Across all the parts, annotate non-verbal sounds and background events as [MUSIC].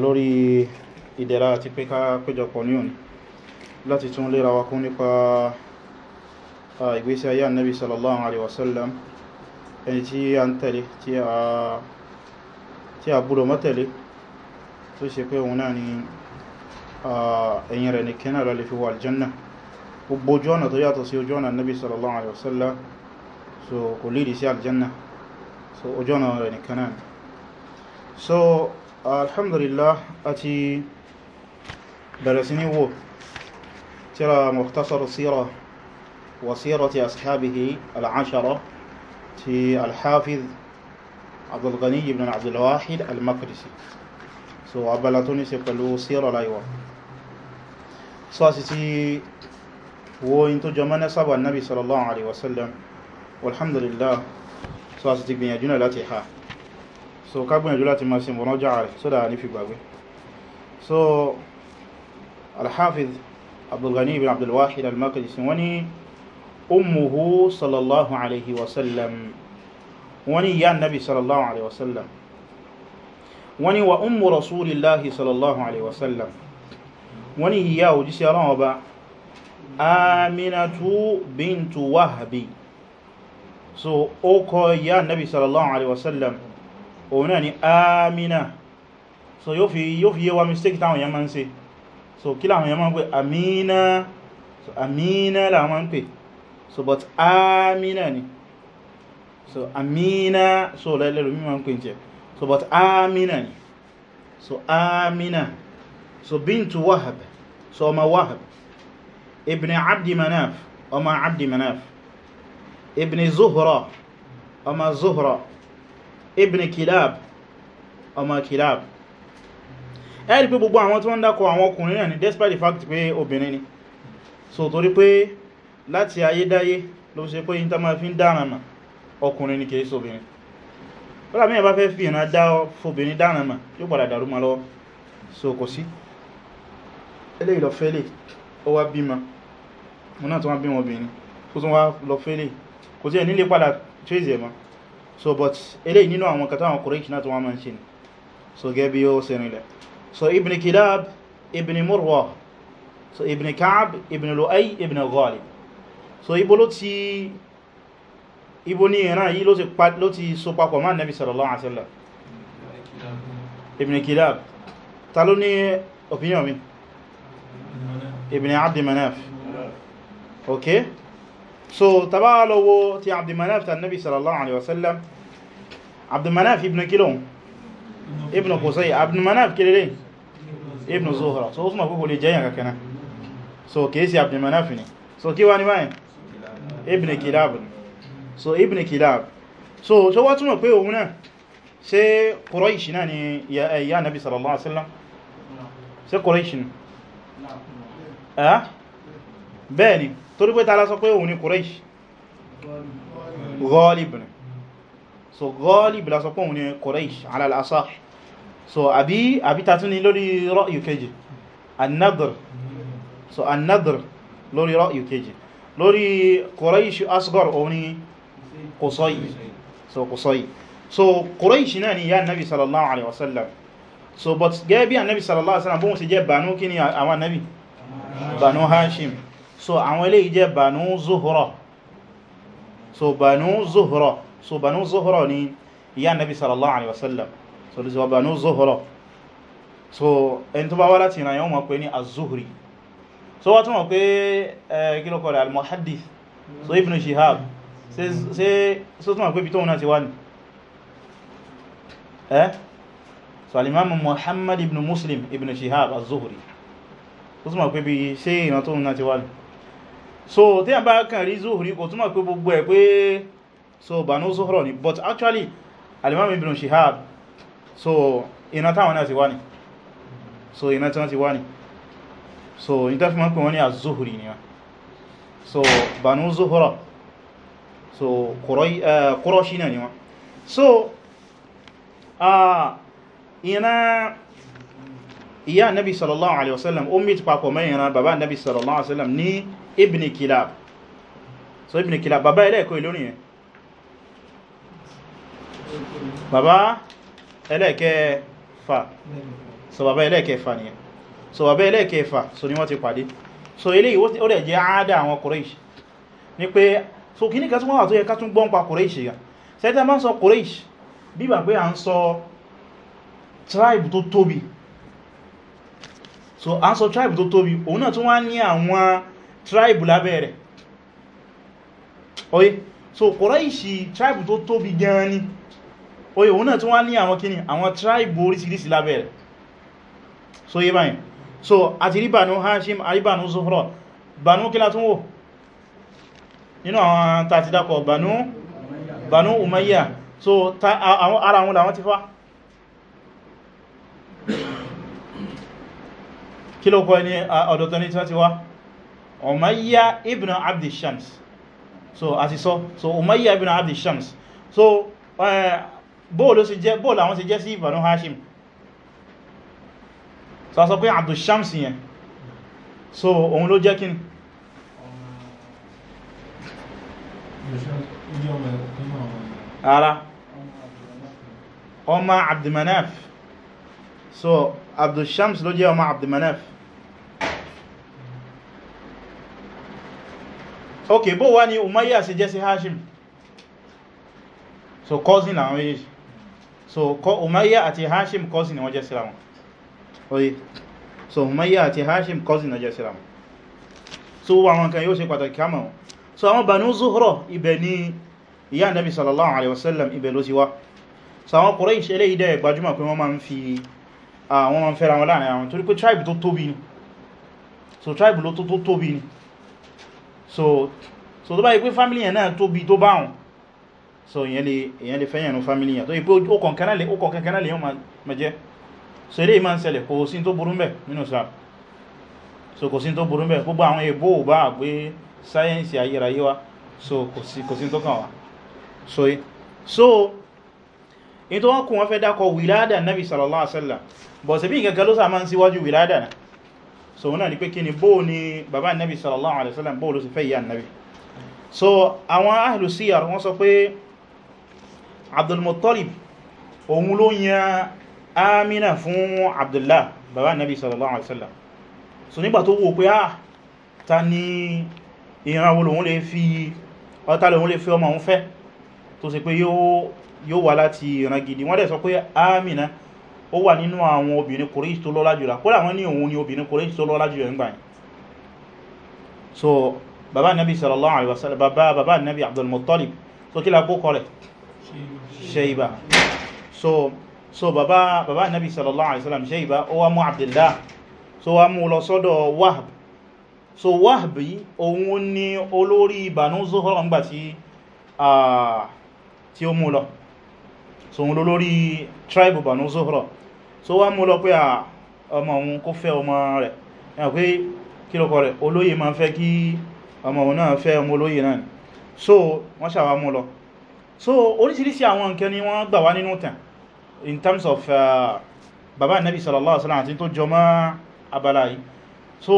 lórí ìdẹ̀ra àti pé ká péjọpọ̀ ní òní láti tún lè rawa kún nípa ìgbésí ayé annabi sallallahu alaihi wasallam ẹni tí a ń tẹ̀lé tí a búrò mọ́tẹ̀lé tó ṣe pé òun náà ni ẹ̀yìn rẹ̀ ní kẹ́nà rẹ̀ lè fi wà aljanna gbogbo ojú ọ̀nà tó yàtọ̀ sí ojú ọ̀nà annabi sallallahu alaihi wasallam so kò lè sí aljanna so ojú ọ̀nà rẹ̀ nìkan náà so alhamdulillah àti bẹ̀rẹ̀ sí ní wò tíra mukhtasar síra wa sírati ashabihi al'ashara ti alhafiz abdulghani ibn abdulwahid al-maqdisi so abala tó ní ṣe pẹ̀lú síra láìwá so a sì ti wo in tó jọmọ́ na sábà nabi sallallahu alaihi wasallam alhamdulillah so a sì ti gbìyànjú náà láti ha so ká gbìyànjú láti máa ṣe mọ̀ránjá rẹ̀ sódà ní fi gbàgbé so alhafiz abdulghani ibn abdulwahid al-maqdisi wọ́n ní ummuhu sallallahu alaihi wasallam wọ́n ní ìyá nabi sallallahu alaihi wasallam wọ́n ní wa ummu rasulillahi sallallahu alaihi wasallam wọ́n ní ìyá òjíṣẹ́ ọlọ́run ọba aminatu bintu wahabi so ó kọ ìyá nabi sallallahu alaihi wasallam òun náà ni amina so yóò fi yóò fi yé wa mistake táwọn yẹn máa ń ṣe so kí láwọn yẹn máa ń pè amina so amina láwọn máa ń pè so but amina ni so amina so lẹ́lẹ́rù mi máa ń pè jẹ so but amina ni so amina so bintu wahab so ọmọ wahab ibn abdi manaf ọmọ abdi manaf ibn zuhra ọmọ zuhra ibn kilab ọmọ kilab ẹ̀rí pé gbogbo àwọn tí wọ́n dákọ̀ àwọn ọkùnrin náà ni despite the fact pé obìnrin ni so torí pé láti ayédáyé ló ṣe pé yínta máa fi ń dárànmà ọkùnrin ni kìí sóbìnrin wọ́la mẹ́rin bá fẹ́ fi ìrìnà dá fóbìnrin dárànmà yóò padà dàrú ma lọ́wọ́ so kò sí eléyìí lọ fẹ́lẹ̀ ó wá bímọ wọn náà tó wá bímọ obìnrin tó tún wá lọ fẹ́lẹ̀ kò sí ẹ̀ nílé padà trace ẹ̀ mọ́ so but eléyìí nínú àwọn kata àwọn Quraysh náà tó wọ́n máa ń ṣe so gẹ́bí yóò ṣe so ibn Kilab ibn Murwa so ibn Ka'b ibn Lu'ay ibn Ghalib so ibo ló ti ibo ní ìran yìí ló ti so papọ̀ máa Nabi sallallahu alaihi wasallam ibn Kilab ta opinion mi ibn Abd Manaf okay so tàbá lọ́wọ́ ti abdulmanaf ta nabi sallallahu alaihi wasallam abdulmanaf ibn kilon ibn qusay abdulmanaf kilere ibn zuhra so usman kúkú lè jẹyàn kakana so kèsí abdulmanaf ne so kí wá ní báyìí ibn kilab so ibn kilab so so wá túnmọ̀ pé òun náà ṣe quraish náà ni ya eh, nabi sallallahu alaihi wasallam ṣe quraish ni bẹ́ẹ̀ torí pé tààlá sọ pé òun ni Quraysh Ghalib ni so Ghalib la sọ pé òun ni Quraysh ala al so àbí àbí tàtún ni lórí ra'yu kejì an so another nadr lórí ra'yu kejì lórí Quraysh asghar òun ni Qusay so Qusay so Quraysh náà ni ya nabi sallallahu alaihi wasallam so but gẹ́gẹ́ bí annabi sallallahu alaihi wasallam bóhun sì jẹ́ banu kí ni àwọn annabi banu so àwọn eléyìí jẹ́ banu zuhra so banu zuhra so banu zuhra ni ìyá nabi sallallahu alaihi wasallam so lè sọ banu zuhra so ẹni tó bá wá láti ìrìnàyàn mọ̀ pé ní az-zuhri so wá túnmọ̀ pé kílọ́kọ̀ rẹ̀ al-muhaddith so ibn shihab ṣe so túnmọ̀ pé bí tóun náà ti wá ní eh so al muhammad ibn muslim ibn shihab az-zuhri so pé bí ṣe ìran náà ti wá ní so tí a bá kàn rí Zuhuri. kò túnmọ̀ pé gbogbo ẹ̀ pé so banu zuhro ni but actually alimam ibn shihab so iná táwọn náà ti wá ní so iná tí wọ́n ti wá ní so ní tàbí mọ́ pé wọ́n ní a zuhri ni wọ́n so banu zuhro so kúrọ́ṣí eh, náà ni wọ́n so iná ìyá nabi sallallahu alaihi wasallam ó mít papọ̀ mẹ́yìnra bàbá nabi sallallahu alaihi wasallam ni ibn kilab so ibn kilab bàbá ẹlẹ́ẹ̀kọ́ ìlú nìyẹn ke fa. so bàbá ẹlẹ́ẹ̀kẹfà nìyẹn so bàbá ẹlẹ́ẹ̀kẹfà so ni wọ́n ti pàdé so eléyìí ó dẹ̀ jẹ́ àádá àwọn Quraysh ní pé so kí ní kẹtún wọ́n wà tó yẹ ká tún gbọ́n pa Quraysh yà sẹ́tẹ́ máa ń sọ Quraysh bí bà pé à ń sọ tribe tó tóbi so à ń sọ tribe tó tóbi òun náà tún wá ní àwọn tribe lábẹ́ rẹ̀ oye so Quraishi tribe tó tóbi gan ni oye òun náà tún wá ní àwọn kíni àwọn tribe orísìírísìí lábẹ́ rẹ̀ so yé báyìí so àti rí Banu Hashim àti Banu Zuhra Banu kí la tún wò nínú àwọn tàti dákọ̀ Banu Banu Umayya so àwọn ara wọn làwọn ti fá kí ló kọ́ ní ọ̀dọ̀tọ̀ ní tí wá umayya ibn abd shams so as àti saw, so umayya ibn abd shams so eh, bóòlù àwọn ṣe jẹ́ sí banu hashim so a sọ pé abd shams yẹn so òun ló jẹ́ kí ni ara ọmọ abd manaf so abd shams ló jẹ́ ọmọ abd manaf ok bó wá ní umayya sí jẹ́ sí hashim so cousin àwọn méjèèjì so umayya àti hashim cousin wọ́n jẹ́ síra wọn oye so umayya àti hashim cousin wọ́n jẹ́ síra wọn so wọ́n àwọn kan yóò ṣe pàtàkì kama wọn so àwọn banu zuhra ibẹ̀ ni ìyá Ànábì sallallahu alaihi wasallam ibẹ̀ ló ti wá so àwọn Quraysh eléyìí dẹ̀ gbajúmọ̀ pé wọ́n máa ń fi àwọn ah, máa ń fẹ́ra wọn láàrin àwọn torí tribe tó tóbi ni so tribe ló tó tóbi ni so so tó bá yí pé family yẹn náà tóbi tó bá wọn so èyàn lè fẹ́yàn family yẹn tó yí pé ó kọ̀kànkaná lè yàn ma jẹ́ so ilé ìmá ń ṣẹlẹ̀ kò sí tó burú mẹ́ nínú Islam so kò sí tó burú mẹ́ gbogbo àwọn èbó ò bá àgbé sáyẹ́nsì ayérayé wa so kò sí tó kàn wá so so in tó wọ́n kù wọ́n fẹ́ dákọ̀ wìládà nabi sallallahu alaihi wasallam bọ̀ sí bí ìgẹ́gẹ́ ló sà máa ń síwájú wìládà náà so wọ́n náà ni pé kí ni bóò ni bàbá nabi sallallahu alaihi wasallam bóò ló sì fẹ́ ìyá nabi so àwọn ahlu siyar wọ́n sọ pé Abdul Muttalib òun ló yan Amina fún Abdullah bàbá nabi sallallahu alaihi wasallam so nígbà tó wò pé ah ta ni ìran wo lòun lè fi ọta lòun lè fi ọmọ òun fẹ́ tó sì pé yóò wà láti ìran gidi wọ́n dẹ̀ sọ pé Amina ó wà nínú àwọn obìnrin Quraysh tó lọ́lá jùlọ kódà wọ́n ní òun ni obìnrin Quraysh tó lọ́lá jùlọ nígbà yẹn so bàbá nabi sallallahu alaihi wasallam bàbá bàbá nabi Abdul Muttalib so kí lápò kọ́ rẹ̀ Shayba so so bàbá bàbá nabi sallallahu alaihi wasallam Shayba ó wá mú Abdullah so wá mú lọ sọ́dọ̀ Wahb so Wahb yìí òun ni olórí Banu Zuhra ńgbà tí tí ó mú lọ so òun lórí tribe Banu Zuhra so wá mú lọ pé ọmọ òun kó fẹ́ ọmọ rẹ̀ ẹ̀yàn pé kí lọ́kọ̀ rẹ̀ olóyè máa fẹ́ kí ọmọ òun náà fẹ́ ọmọ olóyè náà so wọ́n sàwá mú lọ so oríṣiríṣi àwọn nǹkan ni wọ́n gbà wá nínú tàn in terms of uh, bàbá nabi sallallahu alaihi wasallam àti tó jọmọ́ abala so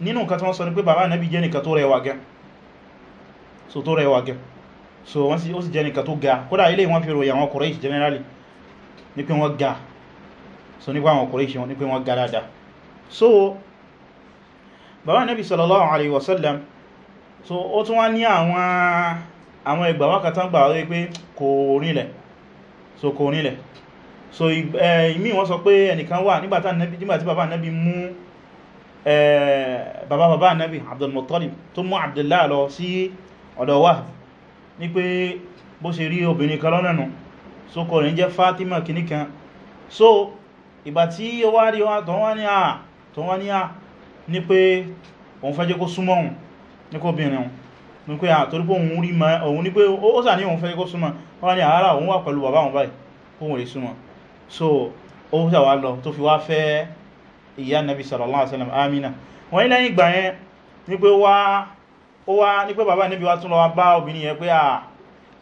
nínú nǹkan tí wọ́n sọ ní pé nabi jẹ́ nìkan tó rẹwà gẹ́ so tó rẹwà gẹ́ so wọ́n sì jẹ́ nìkan tó ga kódà ilé wọ́n fi ròyìn àwọn Quraysh generally ní pé ga so nípa àwọn Quraysh wọn ní pé wọ́n garada so bàbá nabi sallallahu alaihi wasallam so ó tún wá ní àwọn àwọn ìgbà wákàtán gbà wọ́n pé kò rílẹ̀ so kò rílẹ̀ so ìmí wọ́n sọ pé ẹnìkan wà nígbàtí bàbá nabi mú bàbá bàbá nabi Abdul Muttalib tó mú Abdullah lọ sí ọ̀dọ̀ wa ní pé bó ṣe rí obìnrin kan lọ́nà nù so kò rí jẹ́ Fatima kìníkan so ìgbà tí ó wá rí wá tó wá ní à tó wá ní à ní pé òun fẹ́ jẹ́ kó súnmọ́ òun ní kó bìnrin òun ní pé àtorí pé òun rí ma òun ní pé ó sà ní òun fẹ́ jẹ́ kó súnmọ́ wọ́n ní àárá òun wà pẹ̀lú bàbá òun báyìí òun rí súnmọ́ so ó sà wá lọ tó fi wá fẹ́ ìyá nabi sallallahu alaihi wasallam amina wọ́n ní lẹ́yìn ìgbà yẹn ní pé wá ó wá ní pé bàbá nabi wá tún lọ wá bá obìnrin yẹn pé à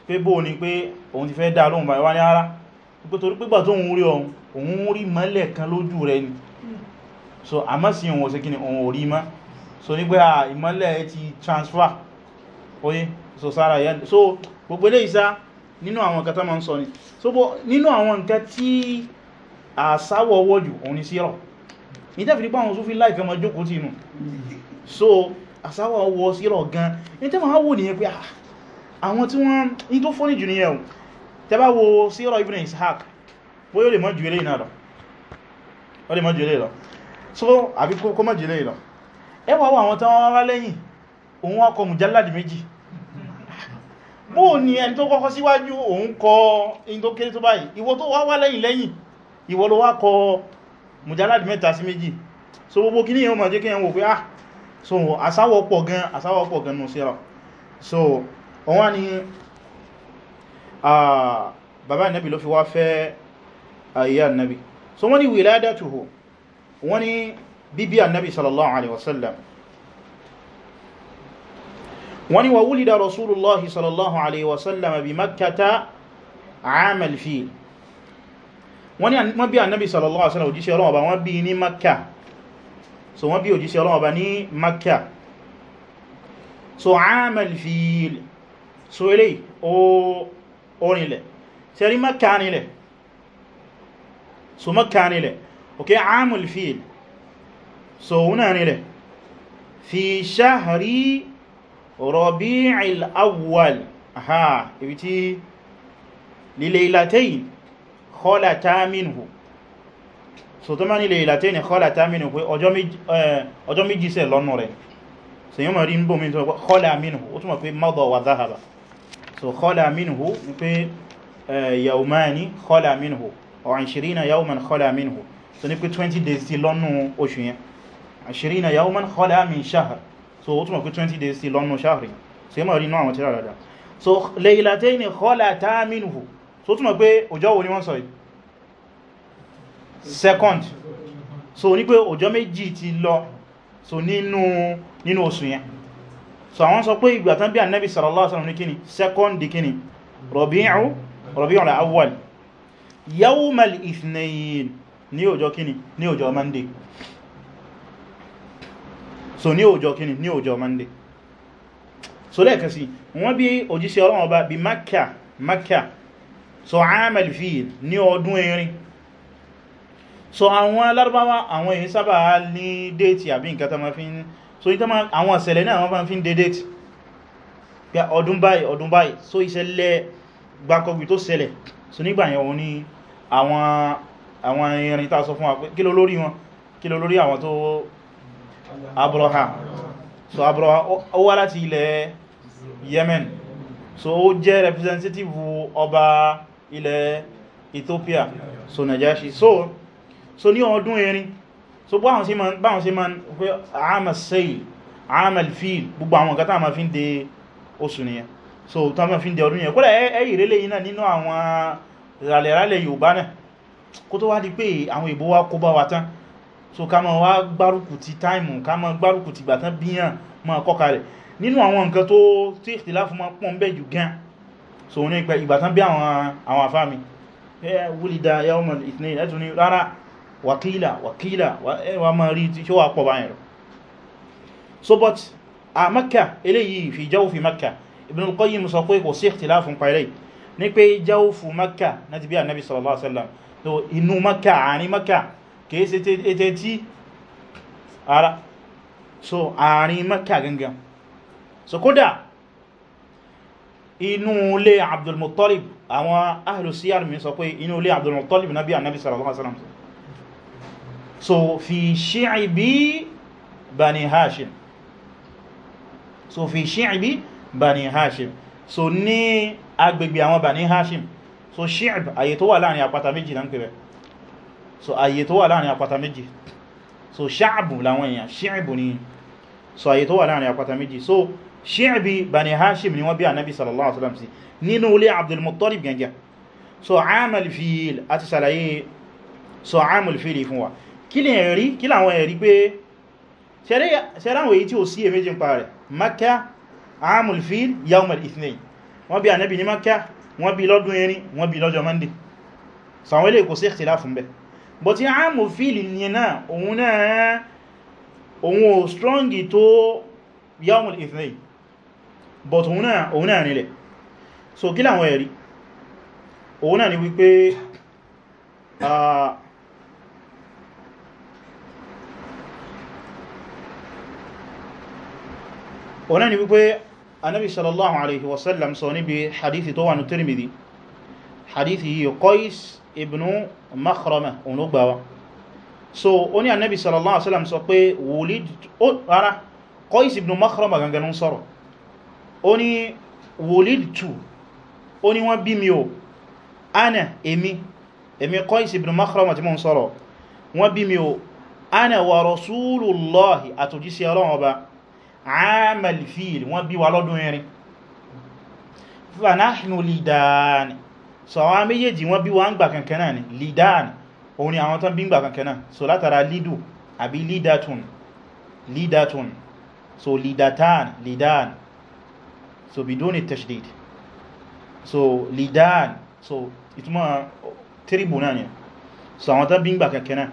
pé bóò ni pé òun ti fẹ́ dá lóhùn báyìí wá ní ara pé torí tó ń rí ọun òun rí mọ́lẹ̀ kan lójú rẹ̀ ni so àmọ́ sí òun ọ̀sẹ̀ kí ni òun ò rí so nígbé à ìmọ́lẹ̀ ti transfer oye so sára yẹn so gbogbo ilé ìsá nínú àwọn nǹkan tó ma ń sọ ni so bó nínú àwọn nǹkan tí àsáwọ̀ ọwọ́ jù òun ni sírọ̀ ní tẹ́fì nípa àwọn sófin láìfẹ́ mọ́ jókòó tí inú so àsáwọ̀ ọwọ́ sírọ̀ gan ní tẹ́fì àwọn wò nìyẹn pé àwọn tí wọ́n ní tó fọ́nì nìyẹn tẹba wo síra ibn ishaq bó yóò lè mọ́ jù ilé náà lọ ó lè mọ́ jù ilé lọ so àbí kó mọ́ jù ilé lọ ẹwà wà àwọn tán wá lẹ́yìn òun ọkọ̀ mùjálàdì méjì bó ní ẹni tó kọ́kọ́ síwájú òun kọ in tó kéré tó báyìí ìwọ tó wá wá lẹ́yìn lẹ́yìn ìwọ ló wá kọ mùjálàdì mẹ́ta sí méjì so gbogbo kí ní ìwọ̀n máa jẹ́ kí ẹ̀ wò pé ah so Ah, bàbá ànábì ló fi wá fẹ́ ah, ìyá ànábì so wọ́n ni wiladatuhu wọ́n ni bíbí ànábì sallallahu alaihi wasallam wọ́n ni wa wulida rasulullahi sallallahu alaihi wasallam bi makkata amal fil wọ́n ni wọ́n bí ànábì sallallahu alaihi wasallam òjíṣẹ́ ọlọ́wọ́ ba ní makka so wọ́n bí òjíṣẹ́ ọlọ́wọ́ ba ní makka orinlẹ̀ sẹ́rí mọ́kànilẹ̀ so mọ́kànilẹ̀ ok amul fiil so wunarinlẹ̀ fi ṣahari rọ̀bí'il awwal ha ibi tí lílẹ̀ilátẹ́yìn khalata minhu so tó má nílẹ̀ ìlàtẹ́ ní khalata minhu pé ọjọ́ méjì sẹ́ lọ́nà rẹ̀ sẹ́yìn mọ̀ rí ń bò mí tó khala minhu ó túnmọ̀ pé mọ́dọ̀ wà záhàbà so khala minhu pé eh, yaumani khala minhu o 20 yauman khala minhu so ní pé 20 days ti lọ́nù oṣù yẹn 20 yauman khala min shahr so ó túnmọ̀ pé 20 days ti lọ́nù shahri so yẹ́ mọ̀ rí inú àwọn tíra dada so laylatayn khalata minhu so túnmọ̀ pé ọjọ́ wo ni wọ́n sọ second so ní pé ọjọ́ méjì ti lọ so nínú nínú oṣù yẹn so àwọn sọ pé ìgbà tán bí annabi sallallahu alaihi wasallam ní kíni second di kíni Rabi'u Rabi'u al-awwal yawmal ithnayn ní ọjọ́ kíni ní ọjọ́ monday so ní ọjọ́ kíni ní ọjọ́ monday so lẹ́ẹ̀kan sí wọ́n bí òjíṣẹ́ Ọlọ́run ọba bí Makkah Makkah so amal fiil ní ọdún erin so àwọn alárúbáwá àwọn èyí sábà ní déètì àbí nǹkan tó ma fi so ita ma àwọn ìṣẹ̀lẹ̀ náà wọ́n bá fi ń dédé tí pé ọdún báyìí ọdún báyìí so ìṣẹ̀lẹ̀ gbákọ̀gbì tó ṣẹlẹ̀ so nígbà yẹn wọ́n ní àwọn irin tá sọ fún wa pé kí ló lórí wọn kí ló lórí àwọn tó Abraha so Abraha o wá láti ilẹ̀ Yemen so ó jẹ́ representative ọba ilẹ̀ Ethiopia so Najashi so so ní ọdún erin so báwọn sí ma báwọn sí ma pé àmà sẹ́yì àmà fíl gbogbo àwọn nǹkan táàmà fi ń de oṣù nìyẹn so táàmà fi ń de ọdún yẹn kódà ẹ̀yì rẹ̀lẹ̀ yìí náà nínú àwọn ràlẹ̀ràlẹ̀ Yorùbá náà kó tó wá di pé àwọn ìbò wá kó bá wa tán so ká ma wá gbárùkù ti táìmù ká ma gbárùkù ti gbàtán bíyàn ma kọ́ka rẹ̀ nínú àwọn nǹkan tó tí ìtìláfù ma pọ̀ ń bẹ̀ jù gan so ní ìgbàtán bí àwọn àfáàmì wúlìdá yawmal ithnain ẹ̀tùn ni rárá wàkílà wàkílà wà máa rí tí ó wà pọ̀ báyìí so but a Makkah eléyìí fi jawfi Makkah Ibn al-Qayyim sọ pé kò sí ikhtilafun pẹ̀lẹ̀ ní pé jawfu Makkah na ti bí annabi sallallahu alaihi wasallam so inú Makkah àárín Makkah kìí sí tẹ́tẹ́ tí ara so àárín Makkah gangan so kódà inú ilé Abdul àwọn ahlus mi sọ pé inú ilé Abdul Muttalib nabi sallallahu alaihi wasallam so fi shi'bi bani hashim so fi shi'bi bani hashim so ní agbègbè àwọn bani hashim so shi'b àyè tó wà láàrin àpáta méjì na ń pẹ̀rẹ̀ so àyè tó wà láàrin àpáta méjì so sha'bu láwọn èèyàn shi'bu ni so àyè tó wà láàrin àpáta méjì so shi'bi bani hashim ni wọ́n bí ànábì sallallahu alaihi wasallam sí nínú ilé abdul muttalib gẹ̀gẹ̀ so amal fiil àti ṣàlàyé so amal fiil fún wa kí lè rí kí láwọn ẹ̀rí pé ṣẹ́ráwọ̀ èyí tí ó sí èméjì ń pa rẹ̀ Makkah amul fil yawm al-ithnayn wọ́n bí ànábì ní Makkah wọ́n bí lọ́dún erin wọ́n bí lọ́jọ́ Monday sàwọn ilé kò sí ikhtilaf fún bẹ́ bọ̀ but òun náà òun so kí láwọn ẹ̀rí òun náà ni wípé uh, ọ̀nà ni wípé anábi sallallahu alaihi wasallam sọ níbi hadithi tó wà ní Tirmidhi hadithi yìí Qais ibn Makhrama òun so ó ní anábi sallallahu alaihi wasallam sọ pé wulid ó rárá Qais ibn Makhrama gangan sọ̀rọ̀ ó ní wulidtu ó ní wọ́n bí mi o ana èmi èmi Qais ibn Makhrama tí mo ń sọ̀rọ̀ wọ́n bí mi o ana wa rasulullahi àtòjísí ọlọ́run ọba amal fil wọ́n bí wa lọ́dún erin fanahnu lidan so àwọn méjèèjì wọ́n bí wa ń gbà kankan náà ni lidan òun ni àwọn tán bí ń gbà kankan náà so látara lidu àbí lidatun lidatun so lidatan lidan so bidoni tashdid so lidan so ìtumọ̀ tíríbù náà ni so àwọn tán bí ń gbà kankan náà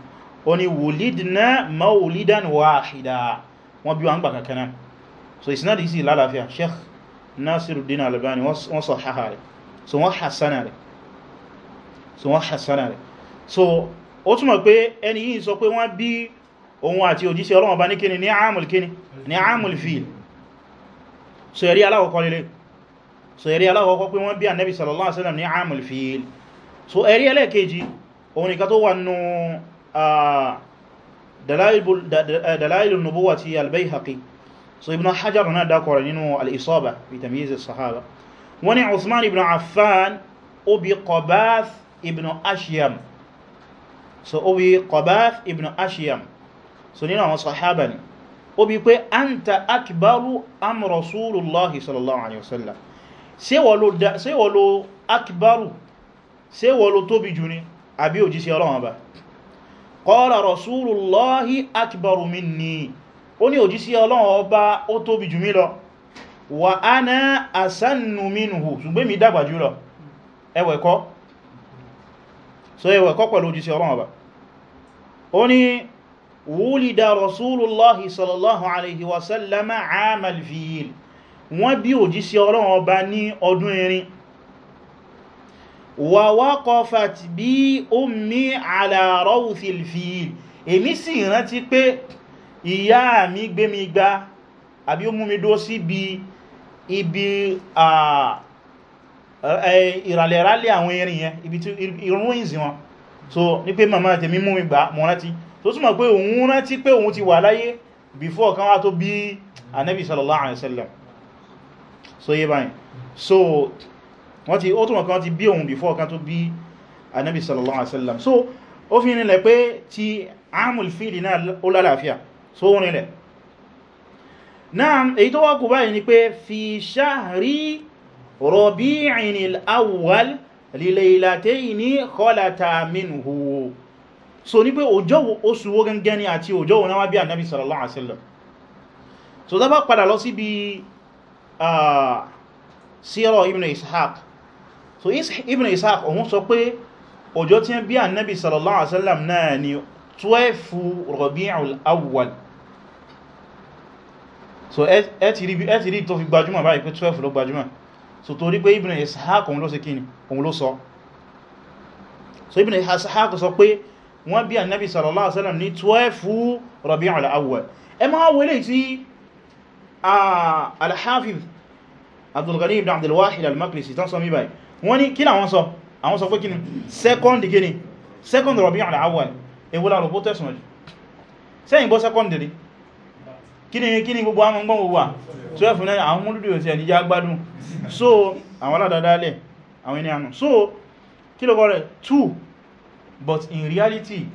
ó ní wùlídná mawulidan wáhìdá wọ́n bí wọ́n gbà kankan náà so isnad yìí sì lálàáfíà sheikh nasiruddin albani wọ́n sọ haha rẹ̀ so wọ́n hasana rẹ̀ so wọ́n hasana rẹ̀ so ó túnmọ̀ pé ẹni yìí sọ pé wọ́n bí òun àti òjíṣẹ́ ọlọ́wọ́n bá ní kíni ní àmùl kíni ní àmùl fil so ẹ̀rí aláwọ̀kọ́ lélẹ̀ so ẹ̀rí aláwọ̀kọ́ pé wọ́n bí annabi sallallahu alaihi wasallam ní àmùl fil so ẹ̀rí ẹlẹ́ẹ̀kejì òun nìkan tó wà nù Eh, dalailun nubuwa ti al-Bayhaqi so ibn hajar na dákọrọ nínú al-Isaba fi tamyiz as-sahaba wani Uthman ibn Affan ó bí Qabath ibn Ashyam so ó bí Qabath ibn Ashyam so nínú àwọn sahaba ni ó bí pé anta akbaru am rasulullahi sallallahu alaihi wasallam ṣé wọ́n lo akbaru ṣé wọ́n lo tóbi ba qala rasulullahi akbaru minni ó ní òjísí ọlọ́run ọba ó tóbi jù mí lọ wa ana asannu minhu ṣùgbé mi dàgbà jù lọ ẹwẹ̀kọ́ so ẹwẹ̀kọ́ pẹ̀lú òjísí ọlọ́run ọba ó ní wulida rasulullahi sallallahu alaihi wasallama amal fiil wọ́n bí òjísí ọlọ́run wàwákọfàt bí ummi ala rawthil fiil èmi sì rántí pé ìyá mi gbé mi gbá àbí ó mú mi dó sí bí ibi ìrànlẹ̀rálẹ̀ àwọn erin yẹn ibi tí irúnrìnsì wọn so ní pé màmá tèmi mú mi gbá mọ́ rántí tó túnmọ̀ pé òun rántí pé òun ti wà láyé before kan wá tó bí wọ́n ti ó túnmọ̀ kan ti bí òun before kan tó bí anábi sallallahu alaihi wasallam so ó fi nílẹ̀ pé ti amul fili náà ó lálàáfíà so ó nílẹ̀ náà èyí tó wá kù báyìí ni pé fi shahri rabi'in al-awwal li laylataini khalata minhu so ní pé ọjọ́ oṣù wo gangan ni àti ọjọ́ wo wá bí anábi sallallahu alaihi wasallam so dábá padà lọ sí bí ah, síra ibn ishaq so ibn ishaq òun sọ pé ọjọ́ tí ń bí annabi sallallahu alaihi wasallam náà ni 12 rabi'ul awwal so ẹ ti rí tó fi gbajúmọ̀ báyìí pé 12 ló gbajúmọ̀ so torí pé ibn ishaq òun ló ṣe kíni òun ló sọ so ibn ishaq sọ pé wọ́n bí annabi sallallahu alaihi wasallam ní 12 rabi'ul awwal ẹ máa wọlé tí ah, al-hafiz abdul ghani ibn abdul wahid al-maqdisi tán sọ mí báyìí wọ́n ní kí làwọn sọ àwọn sọ pé kí ni second gini second Rabi' al-Awwal ewu la rọ̀bọ̀ tẹ̀sùn ọjọ́ sẹ́yìn gbọ́ second rí kí ni kí ni gbogbo àmọ́ gbọ́n gbogbo à 12 náà àwọn múlùdí ò ti ẹni já gbádùn so àwọn aládádálẹ̀ àwọn ẹni so kí ló bọ́rẹ̀ 2 but in reality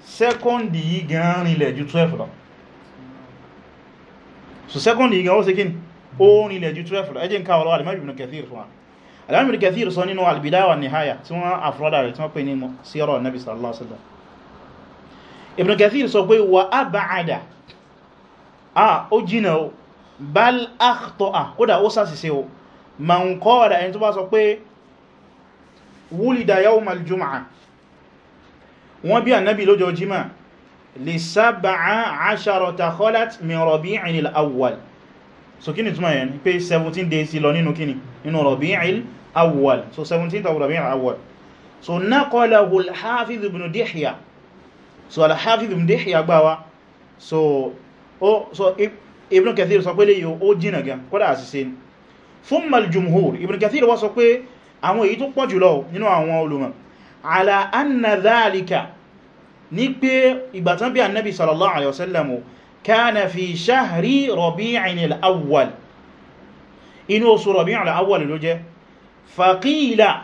second yìí gan rinlẹ̀ ju 12 lọ so second yìí gan ó ṣe kí ni ó rinlẹ̀ ju 12 lọ ẹ jẹ́ ká ọlọ́wà lè má jùmọ̀ kẹfì ìfún wa alamir kathir sọ nínú albidaya wa nihaya tí wọ́n afrọ́dà rẹ̀ tí wọ́n pè ní sírọ̀ nabi sallallahu alaihi wasallam ibn kathir sọ pé wa ab'ada a ó jìnà o bal akhta'a kódà ó sàṣìṣe o man qala ẹni tó bá sọ pé wulida yawmal jum'a wọ́n bí annabi lọ́jọ́ jima li sab'a asharata khalat min rabi'il awwal so kíni túmọ̀ yẹn pé 17 days lọ nínú kíni nínú rabi'il awwal so 17th of Rabi' awwal so naqalahu al-Hafiz ibn Dihya so al-Hafiz ibn Dihya gbà wá so o so Ibn Kathir sọ pé leyo ó jìnnà gan kódà àṣìṣe ni thumma al-jumhur Ibn Kathir wá sọ pé àwọn èyí tó pọ̀ jùlọ nínú àwọn olùmọ̀ ala anna dhalika ní pé ìgbàtán bí annabi sallallahu alaihi wasallam kana fi shahri Rabi'in al-awwal inú oṣù Rabi'in al-awwal ló jẹ́ faqila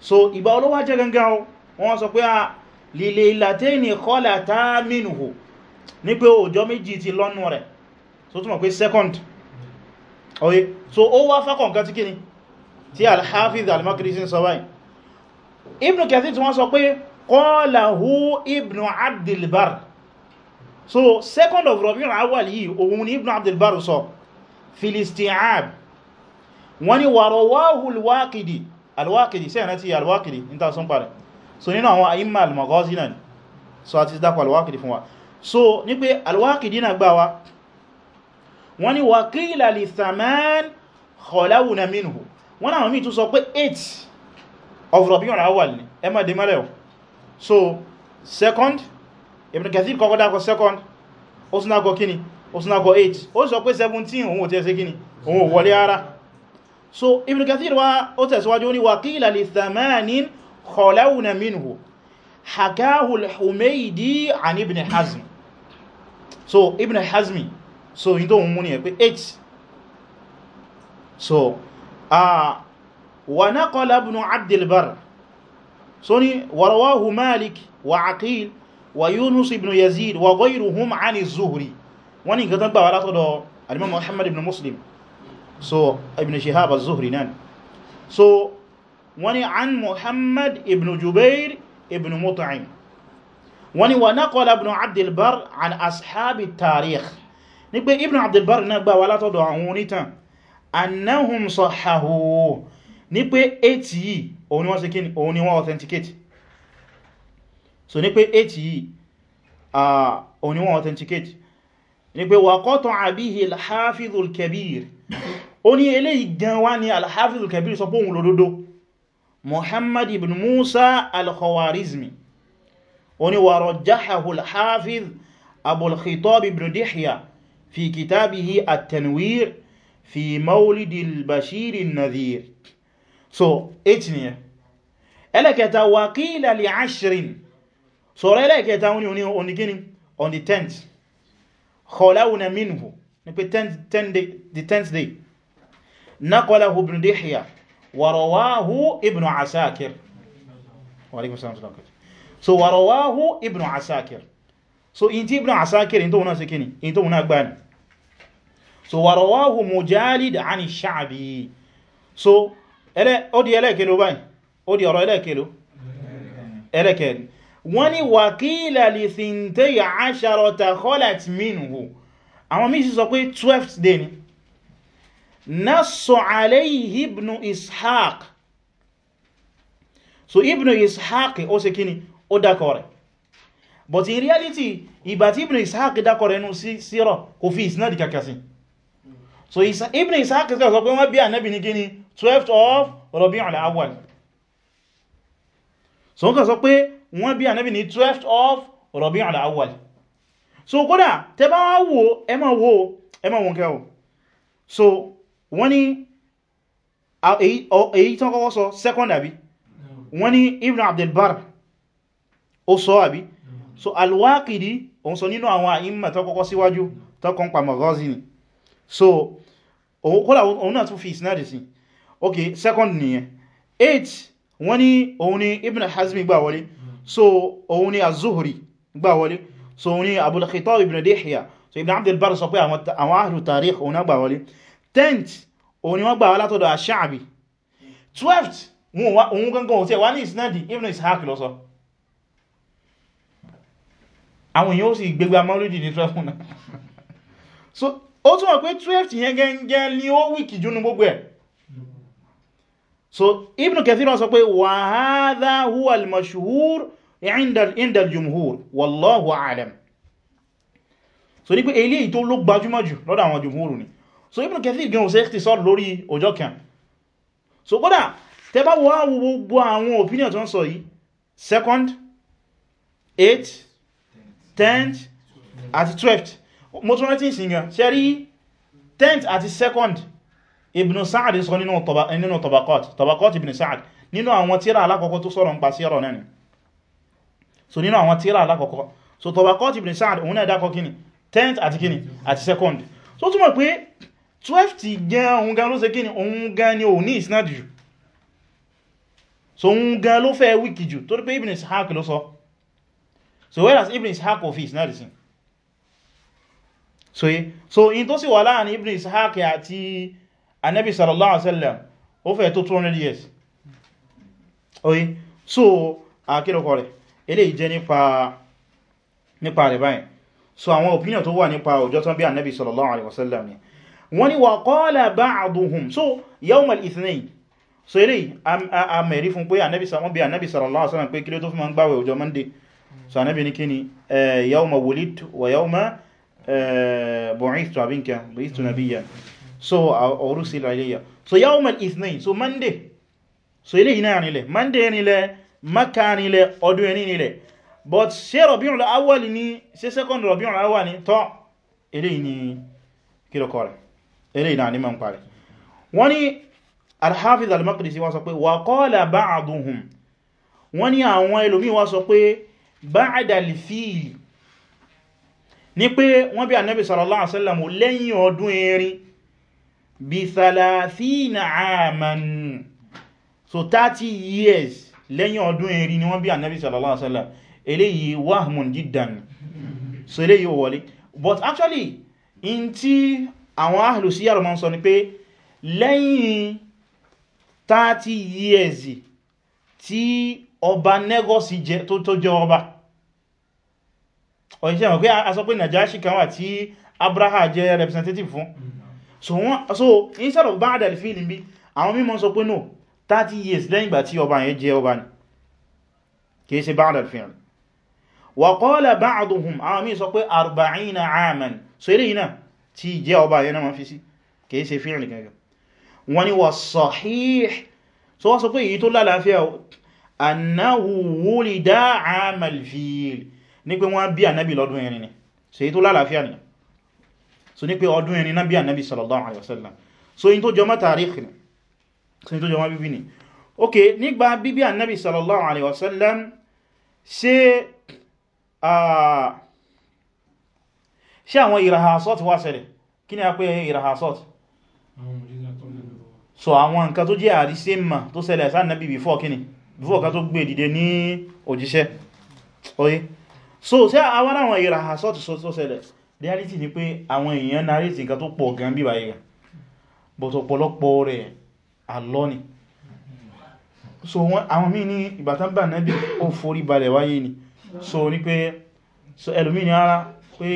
so ìbá olówá jẹ́ gangan o wọ́n sọ pé a lè latin khalata minhu ní pé òjò méjì ti lọ́nù rẹ̀ so túnmọ̀ pé second oye so ó wá fákọ̀ nǹkan tí kíni tí al-Hafiz al-Maqdisi sọ báyìí Ibn Kathir tí wọ́n sọ pé qalahu Ibn Abdil so second of Rabi'ul Awwal yìí òun ni Ibn Abdil Barr sọ fil isti'ab wọ́n ni wàrọwáhù alwákìdì alwákìdì sẹ́yìn láti alwákìdì so nínú àwọn àyíma almaghazi náà so àti dákọ̀ alwákìdì fún so ní pé alwákìdì náà gbáwa wọ́n ni wàkílà lè thaman kọláwù na minhu wọ́n àwọn mí tún sọ pé 8 of Rabi'ul Awwal ni ẹ dé mẹ́lẹ̀ so second Ibn Kathir kọ́kọ́ dákọ̀ second ó súnákọ̀ kíni ó súnákọ̀ 8 ó sọ pé 17 òun ò tẹ́ sí kíni òun ò wọlé ara so Ibn Kathir wa ó tẹ̀síwájú ní wa qila li thamanin khalawna minhu hakahu al-Humaydi an Ibn Hazm so Ibn Hazmi so yí tó ń mú ní ẹ̀ 8 so a wa naqala Ibn Abd so ni wa rawahu Malik wa Aqil wa Yunus ibn Yazid wa ghayruhum an az-Zuhri wọ́n ni nǹkan Muhammad ibn Muslim so ibn shihab az-zuhri nan so wani an muhammad ibn jubair ibn mut'im wani wa naqala ibn abd al-bar an ashab at-tarikh ní pé ibn abd al-bar náà gbà wá látọ̀dọ̀ àwọn onitan annahum sahahu ní pé 8 yi ni wọ́n ṣe kíni òun ni wọ́n authenticate so ní pé 8 yi ah òun ni wọ́n authenticate ní pé wa qata'a bihi al-hafiz al-kabir ó ní eléyìí gan wá ní al-Hafiz al-Kabir sọ pé òun lòdòdó Muhammad ibn Musa al-Khawarizmi ó ní wa rajjahahu al-Hafiz Abu al-Khitab ibn Dihya fi kitabihi at-Tanwir fi Mawlid al-Bashir so 8 ni ẹlẹ́kẹta wa qila li 'ashrin sọ̀rọ̀ ẹlẹ́kẹta oníkíní on the 10th khalawna minhu ní pé 10 day نقله ابن دحية ورواه ابن عساكر وعليكم السلام ورحمة الله so ورواه ابن عساكر so in ti ibn asakir in to wuna sikini in to wuna gbani so warawahu mujalid an sha'bi so ele o di elekelo bayi o di ọ̀rọ̀ elekelo elekelo wọ́n ní wàkílà li thintay asharata khalat minhu àwọn míì sì sọ pé 12th day ni nasso alayhi ibn ishaq so ibn ishaq ó ṣe kíni ó dákọ rẹ̀ but in reality ìgbà tí ibn ishaq dákọ rẹ̀ nínú sírọ̀ kò fi di kàkà sí so ibn ishaq kàkà sọ pé wọ́n bí ànábì ní kíni 12th of Rabi'ul Awwal so wọ́n kà sọ pé wọ́n bí ànábì ní 12th of Rabi'ul Awwal so kódà tẹ́bá wọ́n wo ẹ wo ẹ máa wọn kẹ́ so wọ́n ni èyí tán kọ́kọ́ sọ second àbí wọ́n ni ibn abdulbar ó sọ àbí so alwaqidi òun sọ nínú àwọn àìmà tán kọ́kọ́ síwájú tán kan pa Maghazini so kọ́lá òun náà tún fi ìsinájì sí ok second nìyẹn Eight wọ́n ni òun ni ibn hazmi gbà wọlé so òun ni az-zuhri gbà wọlé so òun ni abul khitab ibn dihya so ibn abdulbar sọ pé àwọn ahlu tarikh òun náà gbà wọlé tenth òun ni wọ́n gbà wá látọ̀dọ̀ Ash-Sha'bi twelfth òun gangan òtí ẹ̀wà ní ìsinadi Ibn Ishaq lọ sọ àwọn èèyàn ó sì gbégbà maulidi ní twelfth náà so ó túnmọ̀ pé twelfth yẹn gẹ́gẹ́ ní ó wíkì júnú gbogbo ẹ̀ so Ibn Kathir sọ pé wa hadha huwa al-mashhur inda al-jumhur wallahu a'lam so ní pé eléyìí tó ló gbajúmọ̀ jù lọ́dọ̀ àwọn jumhur ni so Ibn Kathir gan ṣe so Lori ọjọ́ kan so kódà tẹ bá wọ́n wo gbogbo àwọn opinion tó ń sọ yìí second eight tenth àti twelfth mo tún rántí ìsìnkàn ṣe rí tenth àti second Ibn Sa'd sọ nínú tabaqat tabaqat Ibn Sa'd nínú àwọn tíra alákọ̀ọ́kọ́ tó so ń pa sí ọ̀rọ̀ náà so nínú àwọn tíra alákọ̀ọ́kọ́ so tabaqat Ibn Sa'd òun náà dákọ̀ kíni tenth àti kini àti second so túnmọ̀ pé twelfth gan òun gan ló ṣe kí ni òun gan ni òun ní ìsinádì jù so òun gan ló fẹ́ wíkì jù torí pé Ibn Ishaq ló sọ so whereas Ibn Ishaq kò fi ìsinádì sí so yí so in tó sì wà láàrin Ibn Ishaq àti anabi sallallahu alaihi wasallam ó fẹ́ tó 200 years oye so àkírọkọ rẹ̀ eléyìí jẹ́ nípa nípa rẹ̀ báyìí so àwọn opinion tó wà nípa ọjọ́ tán bí anabi sallallahu alaihi wasallam ni wọ́n ni wà qala ba'duhum so yawm al-ithnayn so ilé a mẹ́rí fún pé anábi sallallahu alaihi wasallam pé kílé tó fi ma ń gbáwẹ̀ ọjọ́ monday so anábi ní kíni yawma wulidtu wa yawma bu'ithtu abinka bu'ithtu nabiyyan so ursila ni ṣe second ilé ìdá ní ma ń parí wọ́n ní al-Hafiz al-Maqdisi wá sọ pé wa qala ba'duhum wọ́n ní àwọn ẹlòmí wá sọ pé ba'da al-fil ní pé wọ́n bí annabi sallallahu alaihi wasallam lẹ́yìn ọdún erin bí 30 years lẹ́yìn ọdún àwọn ahlu siyar ma ń sọ ni pé lẹ́yìn 30 years tí ọba Negos tó jẹ ọba ọ̀yíṣẹ́ mọ̀ pé a sọ pé Najashi kan wà tí Abraha jẹ́ representative fún so wọ́n so instead of bad alfil bí àwọn mímọ̀ sọ pé no 30 years lẹ́yìn ìgbà tí ọba yẹn jẹ ọba ni kìí ṣe bad alfil wa qala ba'duhum àwọn mí sọ pé 40 aman so eléyìí náà tí ìjẹ́ ọba yẹn náà ma fi sí kìí ṣe fíìrìn gẹ́gẹ́ wọ́n ni wà sahih so wọ́n sọ pé èyí tó lálàáfíà annahu wulida amal fil ní pé wọ́n bí ànábì lọ́dún ẹni ni so èyí tó lálàáfíà ni so ní pé ọdún ẹni náà bí ànábì sallallahu alaihi wasallam so in tó jọmọ́ tarikh ṣe àwọn ìràhásọ́t wá ṣẹlẹ̀ kí ni a pé ìràhásọ́t so àwọn nǹkan tó jẹ́ àrísẹ́mà tó ṣẹlẹ̀ sánàbí before kíni before ká tó gbé dìde ní òjíṣẹ́ oye so ṣe àwọn àwọn ìràhásọ́t tó ṣẹlẹ̀ reality ni pé àwọn èèyàn narrate nǹkan tó pọ̀ gan bí báyìí but ọ̀pọ̀lọpọ̀ rẹ̀ àlọ́ ni so àwọn míì ní ìbátan bá náà bí ó forí balẹ̀ wáyé ni so ní pé so ẹlòmíì ní ara pé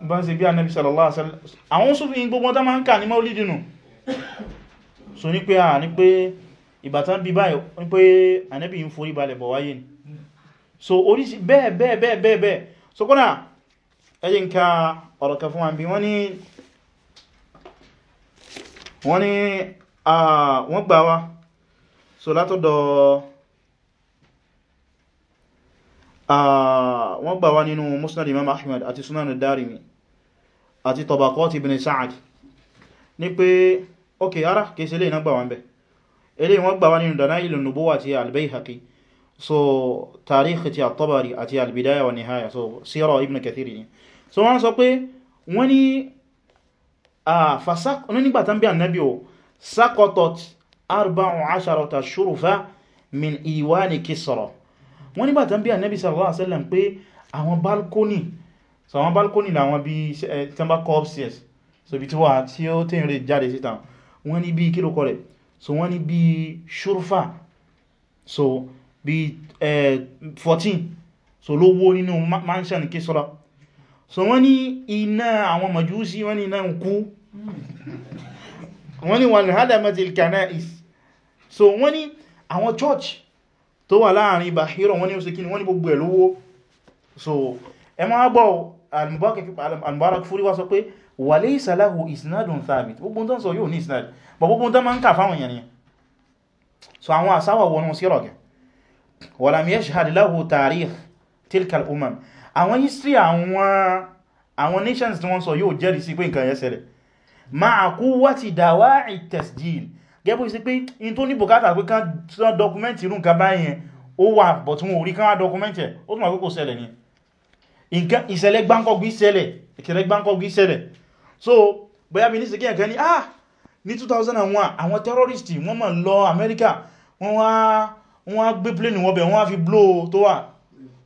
bá ń ṣe bí Ànábì sallallahu alaihi wasallam àwọn Sufi gbogbo tán máa ń kà ní Maulidi nù so ní pé à ní pé ìbàtán bí báyìí pé Ànábì ń forí balẹ̀ bọ̀ wáyé ni so oríṣi bẹ́ẹ̀ bẹ́ẹ̀ bẹ́ẹ̀ bẹ́ẹ̀ bẹ́ẹ̀ so kọ́nà ẹyìn ka ọ̀rọ̀ kan fún wa bí wọ́n ní wọ́n ní wọ́n gbà wá so látọ̀dọ̀ wọ́n nínú Musnad Imam Ahmad àti Sunan darimi àti Tabaqat ibn Sa'd ní pé ok ara kìí sílé iná gbà wọn bẹ̀ ilé wọn gbà wọn nínú Dalail an-Nubuwwah ti al-Bayhaqi so Tarikh ti at-Tabari àti al-Bidaya wa Nihaya so Sira Ibn Kathir ni so wọ́n sọ pé wọ́n ni nígbàtán bí annabi o saqatat arba'u asharata shurufa min iwani Kisra wọ́n nígbàtán bí annabi sallallahu alaihi wasallam pé àwọn balkoni so àwọn balcony làwọn bí eh, tẹ́mbà kọ́ upstairs so bí tí wà tí ó tẹ́ ìrìn jáde síta wọ́n ní bí kílòkọ́ rẹ̀ so wọ́n ní bí ṣúrfà so bí 14 eh, so ló wó nínú mansion Kisra so wọ́n ní iná àwọn Májúsí wọ́n ní iná ń kú [LAUGHS] wọ́n ní wal hadamatil kanais so wọ́n ní àwọn church tó wà láàrin bahiro. wọ́n ní ó ṣe kí ni wọ́n ní gbogbo ẹ̀ lówó so ẹ máa gbọ́ al-Mubarak fúrí wá sọ pé walaysa lahu isnadun thabit gbogbo tán sọ yóò ní isnad bọ̀ gbogbo tán ma ń kà fáwọn èèyàn ni so àwọn àsáwọ̀ wọnú sí rọ̀gẹ̀ walam yashhad lahu tarikh tilka al-umam àwọn history àwọn nations tí wọ́n sọ yóò jẹ́rìí sí pé nǹkan yẹn ṣẹlẹ̀ ma'a quwwati dawa'i tasjil gẹ́gbó sí pé in tó ní bùkátà pé kán dọkumẹ́ntì irú nǹkan báyẹn ó wà bọ̀ tí orí kán wá dọkumẹ́ntì ẹ̀ ó túnmà pé kò ṣẹlẹ̀ ni nǹkan ìṣẹ̀lẹ̀ gbáǹkọ́gbí ṣẹlẹ̀ ìṣẹ̀lẹ̀ gbáǹkọ́gbí ṣẹlẹ̀ so bóyá bí ní sìkí ẹ̀kẹ́ ah ní 2001 àwọn terrorist wọ́n America, lọ Amẹ́ríkà wọ́n wá gbé plane wọ́bẹ̀ wọ́n fi blow tó wà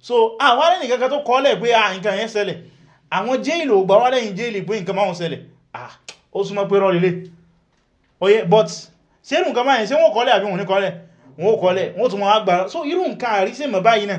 so ah, àwọn arẹ́nì kankan tó kọ́lẹ̀ pé ah nǹkan yẹn ṣẹlẹ̀ àwọn jẹ́ìlò gbà wá lẹ́yìn jẹ́ìlì pé nǹkan máa ṣẹlẹ̀ ah ó súnmọ́ pé rọ́lẹ̀ lé oye but ṣe irú nǹkan máa yẹn ṣe wọ́n kọ́lẹ̀ àbí wọ́n ní kọ́lẹ̀ wọ́n kọ́lẹ̀ wọ́n tún wọ́n á gbà so irú nǹkan àrísẹ̀mọ̀ báyìí náà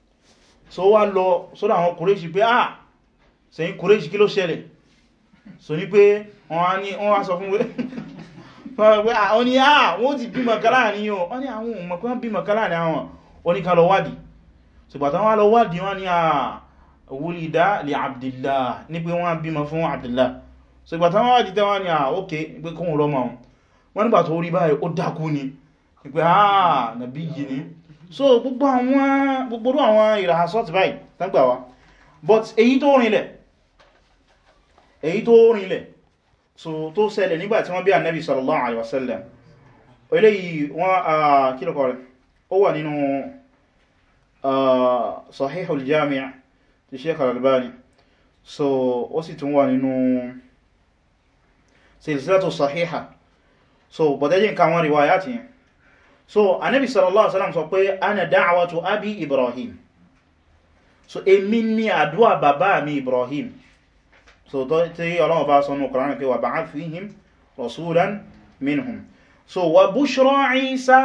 so lo, lọ sọ́dọ̀ àwọn kòrèṣì pé ah sẹ́yìn kòrèṣì kí ló ṣẹlẹ̀ so ní pé wọ́n wá sọ fún pé [LAUGHS] wọ́n ni ah wọ́n ah, ti kala kálà ní yóò ah, wọ́n ni àwọn ọmọ pé wọ́n bímọ ni ní àwọn oníkà lọ wadi. so gbàtà wọ́n lọ wadi wọ́n ni ah wulida li Abdillah ní pé wọ́n bímọ fún Abdillah so gbàtà wọ́n wádìí tẹ́wọ́n ni ah ok pé kóhun lọ́mọ wọn nígbà tó rí báyìí ó dákú ni pé ah nabi yìí ni so gbogbo àwọn gbogbo àwọn ìràhásọ́ ti báyìí tágbà wá but èyí tó rinlẹ̀ èyí tó rinlẹ̀ so tó ṣẹlẹ̀ nígbà tí wọ́n bí annabi sallallahu alaihi wasallam eléyìí wọ́n a kílùkọ rẹ̀ ó wà nínú sahihul jami' ti Sheikh al-Albani so ó sì tún wà nínú silsilatu sahiha so bọ̀dẹ́jìn kan wọ́n riwayati yẹn so anabi sallallahu alaihi wasallam sọ pé ana da'watu abi ibrahim so èmi ni àdúwà bàbá mi ibrahim so tó tí Ọlọ́run bá sọ ní Qur'an pé wa ba'ath fihim rasulan minhum so wa bushra isa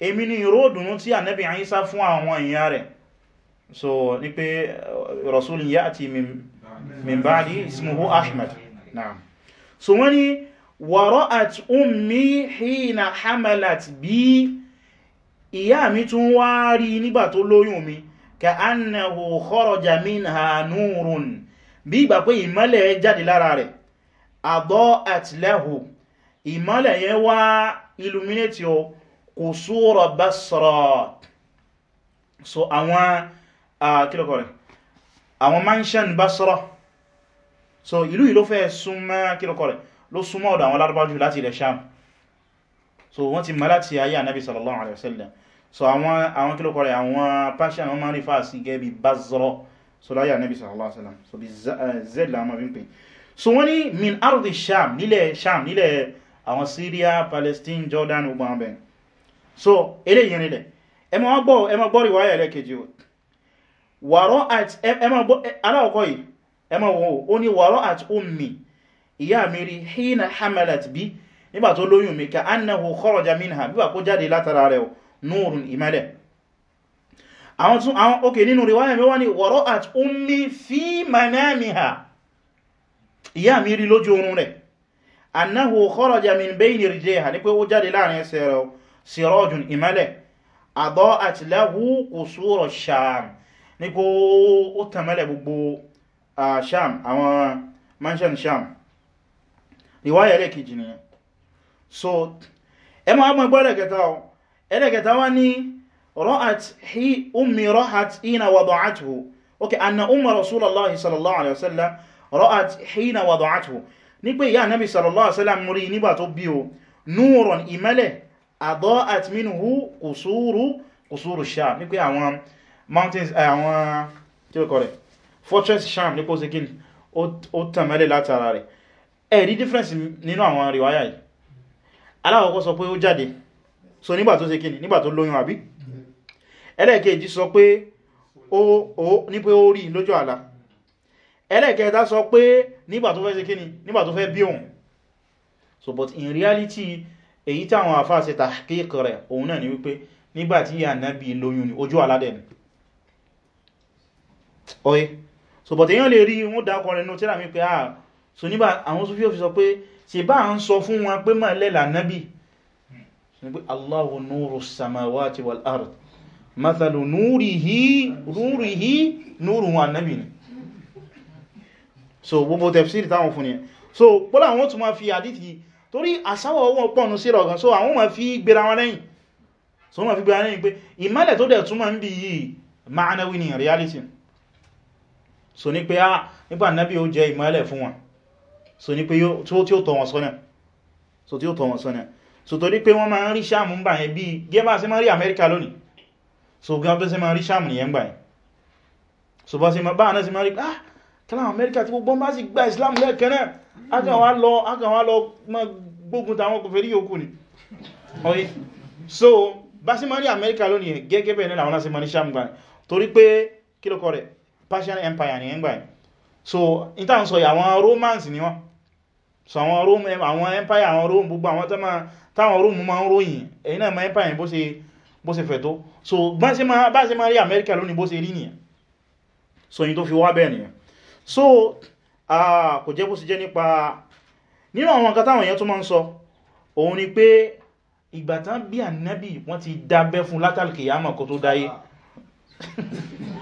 èmi ni ìròdùnú tí anabi isa fún àwọn èèyàn rẹ̀ so ní pé rasulun ya'ti min ba'di ismuhu ahmad na'am so wani wara'at ummi hina hamalat bi ìyá mi tún wá rí nígbà tó lóyún mi ka annahu kharaja minha nurun bí ìgbà pé ìmọ́lẹ̀ jáde lára rẹ̀ ada'at lahu ìmọ́lẹ̀ yẹn wá illuminate o kusura basra so àwọn kílọ̀kọ̀ rẹ̀ àwọn mansion basra so ìlú ìlú fẹ́ súnmọ́ kílọ̀kọ̀ rẹ̀ ló súnmọ́ ọ̀dọ̀ àwọn lárúbájú láti ilẹ̀ sham so wọ́n ti mọ̀ láti ayé ànábì sallallahu alaihi wasallam so àwọn àwọn kílò kọrẹ̀ àwọn persian wọ́n máa ń rí fàásí gẹ́ bí Basra so láyé ànábì sallallahu alaihi wasallam so bí zed eh, la ma ń pè so wọ́n ní min ardi sham nílẹ̀ sham nílẹ̀ àwọn Syria Palestine Jordan ogun so eléyìí nílẹ̀ ẹ máa gbọ́ ẹ máa gbọ́ riwaya ẹlẹ́kejì o wàrọ́ at ẹ máa gbọ́ aláwọ̀kọ́ yìí ẹ máa wọ́n o ní ìyá mi rí hina hamalat bí nígbà tó lóyún mi ka annahu kharaja minha bíbà kó jáde látara rẹ̀ nurun ìmẹ́lẹ̀ àwọn tún àwọn òkè nínú riwaya mẹ́wàá ni wara'at ummi fi manamiha ìyá mi rí lójú oorun rẹ̀ annahu kharaja min bayni rijliha ní pé ó jáde láàrin ẹsẹ̀ rẹ̀ sirajun ìmẹ́lẹ̀ ada'at lahu qusura sham ní pé ó tẹ̀mẹ́lẹ̀ gbogbo ah, sham àwọn mansion sham riwaya ẹlẹ́kejì nìyẹn so ẹ ma mọ̀ ẹgbọ́ ẹlẹ́kẹta ọ ẹlẹ́kẹta wá ní ra'at hi ummi ra'at ina wada'athu ok anna umma rasulallahi sallallahu alaihi wasallam ra'at hina wada'athu ní pé ìyá nabi sallallahu alaihi wasallam rí nígbà tó bí o nuron ìmẹ́lẹ̀ ada'at minhu qusuru qusuru sham ní pé àwọn mountains eh, àwọn tí ó kọ̀ fortress sham ní pé ó sì kí ó tàn mẹ́lẹ̀ látara rẹ̀ ẹ̀rí difference nínú àwọn riwaya yìí aláwọ̀kọ́ sọ pé ó jáde so nígbà tó ṣe kíni nígbà tó lóyún àbí ẹlẹ́ẹ̀kejì sọ pé ó ní pé ó rí lójú àlá ẹlẹ́ẹ̀kẹta sọ pé nígbà tó fẹ́ ṣe kíni nígbà tó fẹ́ bí òun so but in reality èyí táwọn àfáà ṣe tahqiq rẹ̀ òun náà ni wípé nígbà tí Ànábì lóyún ní ojú àlá dẹ̀ but èyàn lè rí wọn dákọrin nú tíra mi pé ah so níbà àwọn Sufi fi sọ pé ṣe bá ń sọ fún wọn pé mọ́ lẹ́là nábi ṣe pé Allahu nuru samawati wal ard mathalu nurihi nurihi nuru wa nábi ni so gbogbo tefsiri táwọn fún ni so pọ́lá àwọn tún ma fi àdíti torí àsáwọ̀ wọn pọ̀nù sí rọ̀gán so àwọn ma fi gbéra wọn lẹ́yìn so wọ́n ma fi gbéra lẹ́yìn pé ìmálẹ̀ tó dẹ̀ tún ma ń bí yìí ma'anawi ni reality so ní pé a ah, nípa nábi ó jẹ ìmálẹ̀ fún wọn so ní pé tí ó tọ́ wọn sọ́nà so tí ó tọ́ wọn sọ́nà so torí pé wọ́n máa ń rí sáàmù ń bà yẹn bí gẹ́bà sí máa rí amẹ́ríkà lónìí so gan tó sí máa rí sáàmù nìyẹn gbà yẹn so bá sí máa bá náà sí máa rí ah kí láwọn amẹ́ríkà gbogbo bá sì gba islam lẹ́ẹ̀kẹ́ náà akànwá lọ gbógun tàwọn kò fèrí yòókù ni oye so bá sí máa rí amẹ́ríkà lónìí gẹ́gẹ́ bẹ̀rẹ̀ náà wọ́n sí máa rí sáàmù gbà yẹn torí pé kílòkọ rẹ̀ Persian Empire nìyẹn gbà yẹn so in ta n sọ àwọn romans ni wọ́n so àwọn rome àwọn empire àwọn rome gbogbo àwọn tama táwọn rome ma ń ròyìn ẹ̀yin náà ma empire bó ṣe bó ṣe fẹ̀ tó so bá ṣe ma bá ṣe ma rí america lónìí bó ṣe rí nìyẹn so yìí tó fi wá bẹ́ẹ̀ nìyẹn so kò jẹ́ bó ṣe jẹ́ nípa nínú àwọn nǹkan táwọn èèyàn tó ma ń sọ òun ni pé ìgbà tán bí ànábì wọ́n ti dábẹ́ fún látàlùkì yàmà kó tó dáyé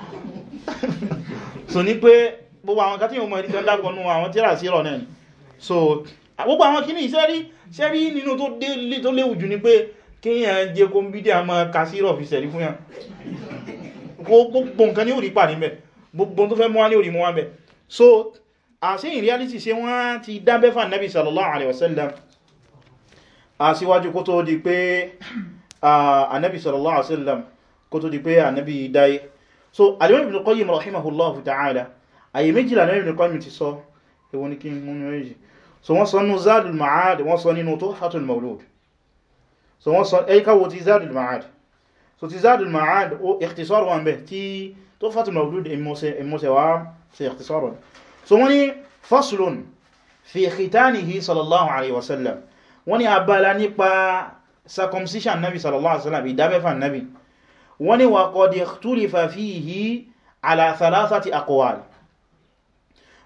[LAUGHS] so ní pé gbogbo àwọn kàtí ìwọ̀n ìrìtàn dágbọnú àwọn tíra sí rọ̀ náà so gbogbo àwọn kìíní ìṣẹ́rí ṣẹ́rí nínú tó léwu jù ní pé kíyàn jẹ kó ń bídí àmọ́ kàsírọ̀ fi sẹ̀rí fún yàn gbogbo nǹkan ní òrí ní òrí so àṣí in reality ṣe wọ́n ti dábẹ́ fà sallallahu alaihi wasallam àṣíwájú kó tó di pé ànábi sallallahu alaihi wasallam kó tó di pé e. so al-Imam Ibn Qayyim ta'ala àyè méjìlá lẹ́yìn ní kọ́mì ti sọ ewu ní kí n mú méjì so wọ́n sọ nínú zadul ma'ad wọ́n sọ nínú tuhfatul mawlud so wọ́n sọ ẹ́yíkáwò ti zadul ma'ad so ti zadul ma'ad o ikhtisar wọn bẹ tí tuhfatul mawlud ìmọ̀sẹ̀ wá sí ikhtisar wọn so wọ́n ni faslun fi khitanihi sallallahu alaihi wasallam wọ́n ni abala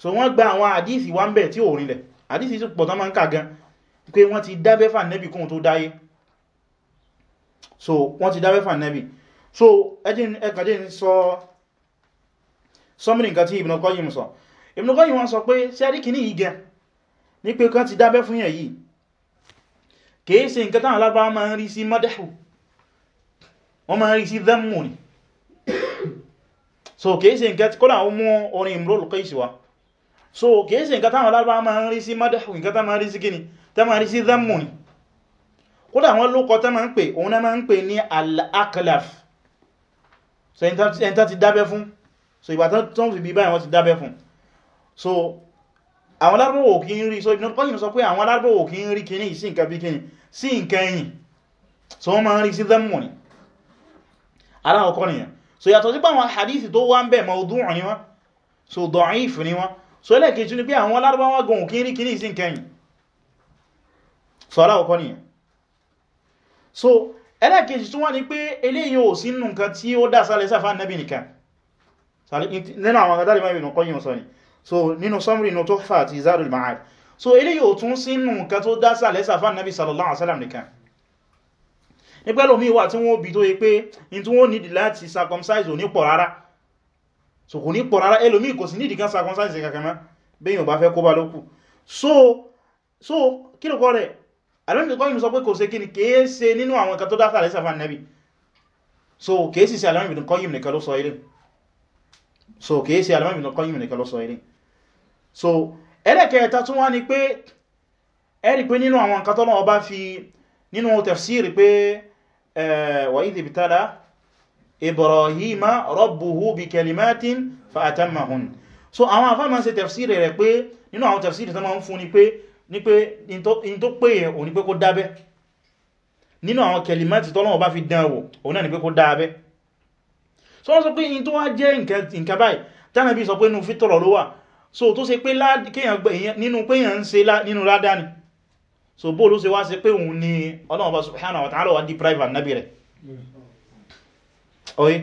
so wọ́n gba àwọn àdíìsì wá ń bẹ̀ tí ò rinlẹ̀ àdíìsì sí pọ̀ tán máa ń kà gan pé wọ́n ti dábẹ́ fà nẹ́bì kóhun tó dáyé so wọ́n ti dábẹ́ fà nẹ́bì so ẹkàjẹ́ ní sọ sọmìnì nǹkan tí Ibn sọ Ibn wọ́n sọ pé sẹ́rí kìíní yìí gẹn ní pé kan ti dábẹ́ fún yẹn yìí kìí ṣe nǹkan táwọn alábá máa ń rí sí mọ́dẹ̀hù wọ́n máa ń rí sí dẹ́mù ni so kìí ṣe nǹkan kọ́lá ó mú orin Imrul Qays wá so kèèsì nǹkan táwọn alárùbá ma ń rí sí madahu nǹkan tá ma ń rí sí gini tá ma ń rí sí zammu ni kódà wọn ló tá ma ń pè òun náà ma ń pè ní al-aklaf so ẹntá ti dábẹ́ fún so ìgbà tán fi bí báyìí wọ́n ti dábẹ́ fún so àwọn alárùbá wò kí ń rí so Ibn Qayyim sọ pé àwọn alárùbá wò kí ń rí kíní sí nǹkan bí kíní sí nǹkan ẹ̀yìn so wọ́n ma ń rí sí zammu ni aláwọ̀kọ́ nìyẹn so yàtọ̀ sí pé àwọn hadithi tó wá ń bẹ̀ mawdu' ni wọ́n so da'if ni wọ́n so ẹlẹ́kejì ni pé àwọn lárúbáwá gan òkín rí kìíní ìsìn kẹyìn so aláwọ̀kọ́ nìyẹn so ẹlẹ́kejì tún wá ní pé eléyìí ò sínú nǹkan tí ó dá sálẹ̀ sáfà nẹ́bì nìkan nínú àwọn agadá ìmọ̀ ìbìnà kọ́yìn sọ ni so nínú sọmrì inú Tuhfa àti Zadul Ma'ad so eléyìí ò tún sínú nǹkan tó dá sálẹ̀ sáfà nẹ́bì sallallahu alaihi wasallam nìkan nígbẹ́lòmí wà tí wọ́n bí tó yẹ pé in tí wọ́n nídìí láti circumcise ò ní pọ̀ rárá so kò ní pọ̀ rárá ẹlòmí kò sí ní ìdíkan circumcise kankanmá bẹ́yìn ọba fẹ́ kó bá lókù so so kí lókọ́ rẹ̀ alẹ́mìkọ́ ìlú sọ pé kò ṣe kí ni kìí ṣe nínú àwọn nǹkan tó dáta rẹ̀ sáfà nẹ́bì so kìí sì ṣe alẹ́mìkọ́ yìí nìkan ló sọ ilé so kìí ṣe alẹ́mìkọ́ yìí nìkan ló sọ ilé so ẹlẹ́kẹta tún wá ni pé ẹ̀rì pé nínú àwọn nǹkan tọ́lọ́ ọba fi nínú tafsir pé eh, wà ìdìbìtálá ibrahima rabbuhu bi kalimatin fa so àwọn afa ma ṣe tafsiri rẹ̀ pé nínú àwọn tafsiri tó ma ń fún ni pé ní pé in tó pé yẹn ó ní pé kó dábẹ́ nínú àwọn kalimati t'Ọlọ́run bá fi dán wò ó náà ni pé kó dábẹ́ so wọ́n sọ pé in tó wá jẹ́ nǹkan báyìí tánà bí so tó ṣe pé nínú bóòlù ṣe wá ṣe pé òun ni Ọlọ́run bá subhanahu wa ta'ala wa deprive annabi rẹ̀ ọ̀yẹ́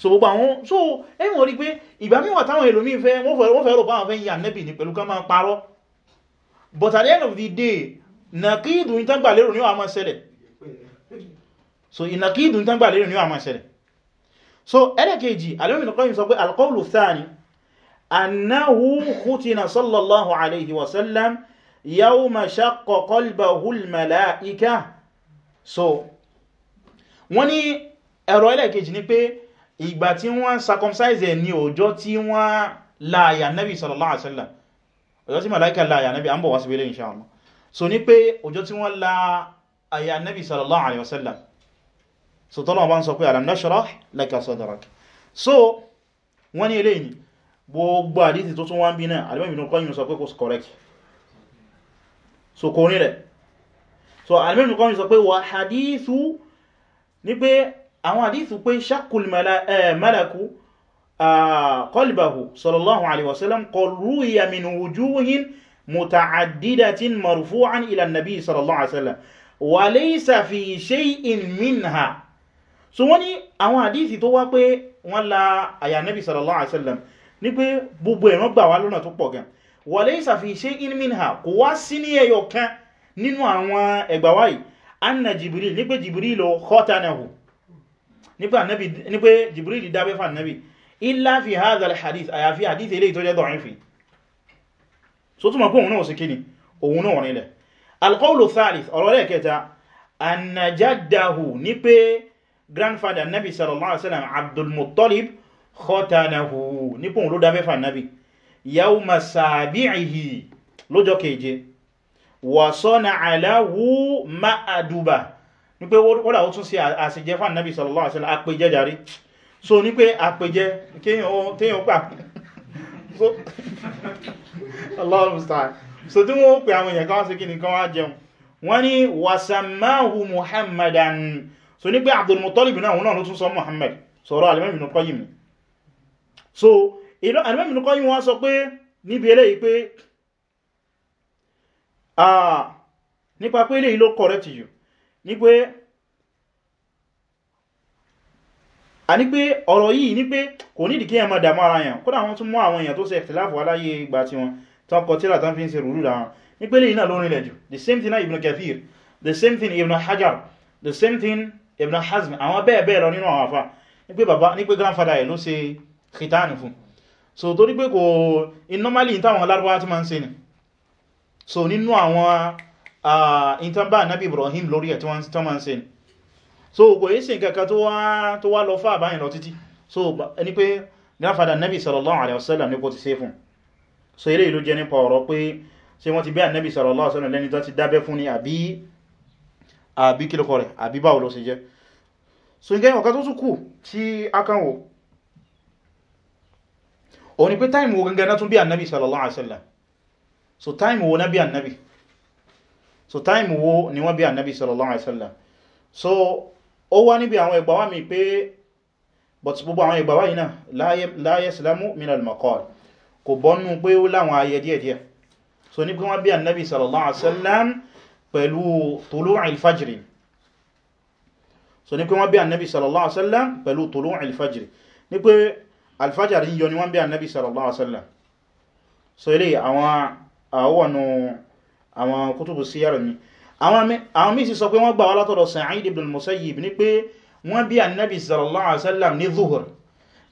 so gbogbo àwọn so ẹ̀yìn wọ́n rí pé ìgbà míwà táwọn ẹlòmí fẹ́ wọ́n fẹ́ rò báwọn fẹ́ yí ànẹ́bì ní pẹ̀lú ká máa parọ́ but at the end of the day nàkídù ní tàgbà lérò ní wà máa ṣẹlẹ̀ so ìnàkídù ní lérò ní wà ṣẹlẹ̀ so ẹlẹ́kejì alẹ́mìnàkọ́yìn thani annahu khutina sallallahu alayhi wa sallam yawma shaqqa qalbahu al so wani ẹ̀rọ ẹlẹ́kejì ni pé ìgbà tí wọ́n circumcise ẹ̀ ní ọjọ́ tí wọ́n láàyà nẹ́bì sallallahu alaihi wasallam ọjọ́ tí màláìkà láàyà nẹ́bì à ń bọ̀ wá sí ilé insha Allah so ní pé ọjọ́ tí wọ́n láàyà nẹ́bì sallallahu so tọ́lọ̀ bá ń sọ pé alam nashrah laka sadrak so so kò ní so alimẹ́bì nù kọ́yìn sọ pé wà hadithu àwọn àdíìtù pé shakul eh, malaku ah, qalbahu sallallahu alaihi wasallam qurru ya min wujuhin muta'addidatin marfu'an ila nabi sallallahu alaihi wasallam wa laysa fi shay'in minha so wani àwọn àdíìtì tó wá pé wọ́n la àyà nabi jibril ní pé ní pé Jibril dábẹ́ fà nábi illa fi hadha al-hadith àyàfi hadith ilé ìtọ́jẹ́ da'ifi so túnmọ̀ pé òun náà sí kíni òun náà rìn lẹ̀ al-qawlu thalith ọ̀rọ̀ rẹ̀ kẹta anna jaddahu ní pé grandfather nabi sallallahu alaihi wasallam Abdul Muttalib khotanahu ní pé òun ló dábẹ́ fà nábi yawma sabi'ihi ní pé wọ́n láwọ́ tún sí àṣìjẹ́ fún ànábì sallallahu alaihi wasallam àpèjẹ́ jàrí so ní pé àpèjẹ́ kíyàn ó pà so Allahu musta'an so tí wọ́n pè àwọn èèyàn kan wá sí kí nìkan wá jẹun wọ́n ní wasamahu muhammadan so ní pé Abdul Muttalib náà wọn náà ló tún sọ muhammad sọ̀rọ̀ Al-Imam Ibn Qayyim so Al-Imam Ibn Qayyim wọ́n sọ pé níbi eléyìí pé ah, nípa pé eléyìí ló correct you ní pé a ní pé ọ̀rọ̀ yìí ní pé kò ní ìdíkí ẹmọ dàmọ́ ara yàn kódà wọ́n tún mú àwọn èèyàn tó ṣe ẹ̀tìláàfù aláyé ìgbà tí wọ́n tán kọ tíra tán fi ń ṣe rúrú dáwọn ní pé lèyìn náà lórí the same thing Ibn kafir. the same thing Ibn Hajar the same thing Ibn Hazm àwọn bẹ́ẹ̀ bẹ́ẹ̀ lọ nínú àwọn àfá ní baba bàbá grandfather ẹ̀ ló ṣe khitani fún so torí pé kò in normally táwọn lárúbáwá ti máa ń ṣe ni so nínú àwọn ìtàn ah, bá Nabi Ibrahim lórí ẹ̀ tí wọ́n ma ń ṣe ni so kò yí sí nǹkan tó wá lọ fà báyìí lọ títí so ẹni pé grandfather Nabi sallallahu alaihi wasallam ní kò ti ṣe fún so eré ìlú jẹ nípa ọ̀rọ̀ pé ṣé wọ́n ti bí Nabi sallallahu alaihi wasallam lẹ́ni tó ti dábẹ́ fún ni àbí àbí kílùkọ rẹ̀ àbí báwo ló ṣe jẹ́ so nǹkan ọ̀kan tó tún kù tí a kàn wò òun ni pé táìmù wo gangan náà tún bí Nabi sallallahu alaihi wasallam so time, wo Nabi bí Nabi so time wo ni wọ́n bí annabi sallallahu alaihi wasallam so ó wá níbi àwọn ìgbàwà mi pé but gbogbo àwọn ìgbàwà yìí náà la yaslamu min al-maqal kò bọ́nú pé ó láwọn ayẹ díẹ̀díẹ̀ so ní pé wọ́n bí annabi sallallahu alaihi wasallam pẹ̀lú tulu'il fajri so ní pé wọ́n bí annabi sallallahu alaihi wasallam pẹ̀lú tulu'il fajri ní pé alfajari yíyọ ni wọ́n bí annabi sallallahu alaihi wasallam so ilé àwọn àwọn àwọn kútùbù síyàrì ni àwọn míì sì sọ pé wọ́n gbà wá látọ̀dọ̀ Sa'id ibn al-Musayyib ní pé wọ́n bí annabi sallallahu alaihi wasallam ní zuhur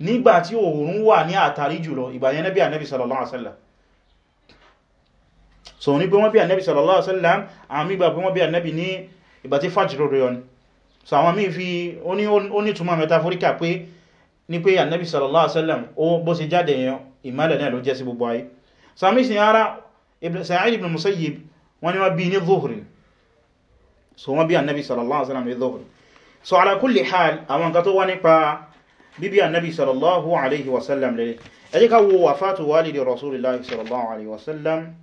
nígbà tí òòrùn wà ní àtàrí jùlọ ìgbà yẹn bí annabi sallallahu alaihi wasallam so ní pé wọ́n bí annabi sallallahu alaihi wasallam àwọn míì gbà pé wọ́n bí annabi ní ìgbà tí fajr rẹ̀ ni so àwọn míì fi ó ní túmọ̀ metaphorica pé ní pé annabi sallallahu alaihi wasallam ó bó ṣe jáde yẹn ìmálẹ̀ náà ló jẹ́ sí gbogbo ayé so àmì sin ara Sa'id ibn musayyib wọ́n ní wọ́n bí ní zuhri so wọ́n bí annabi sallallahu alaihi wasallam ní zuhri so ala kulli hal àwọn nǹkan tó wá nípa bíbí annabi sallallahu alaihi wasallam lè ẹjẹ́ ká wo wafatu walidi rasulillahi sallallahu alaihi wasallam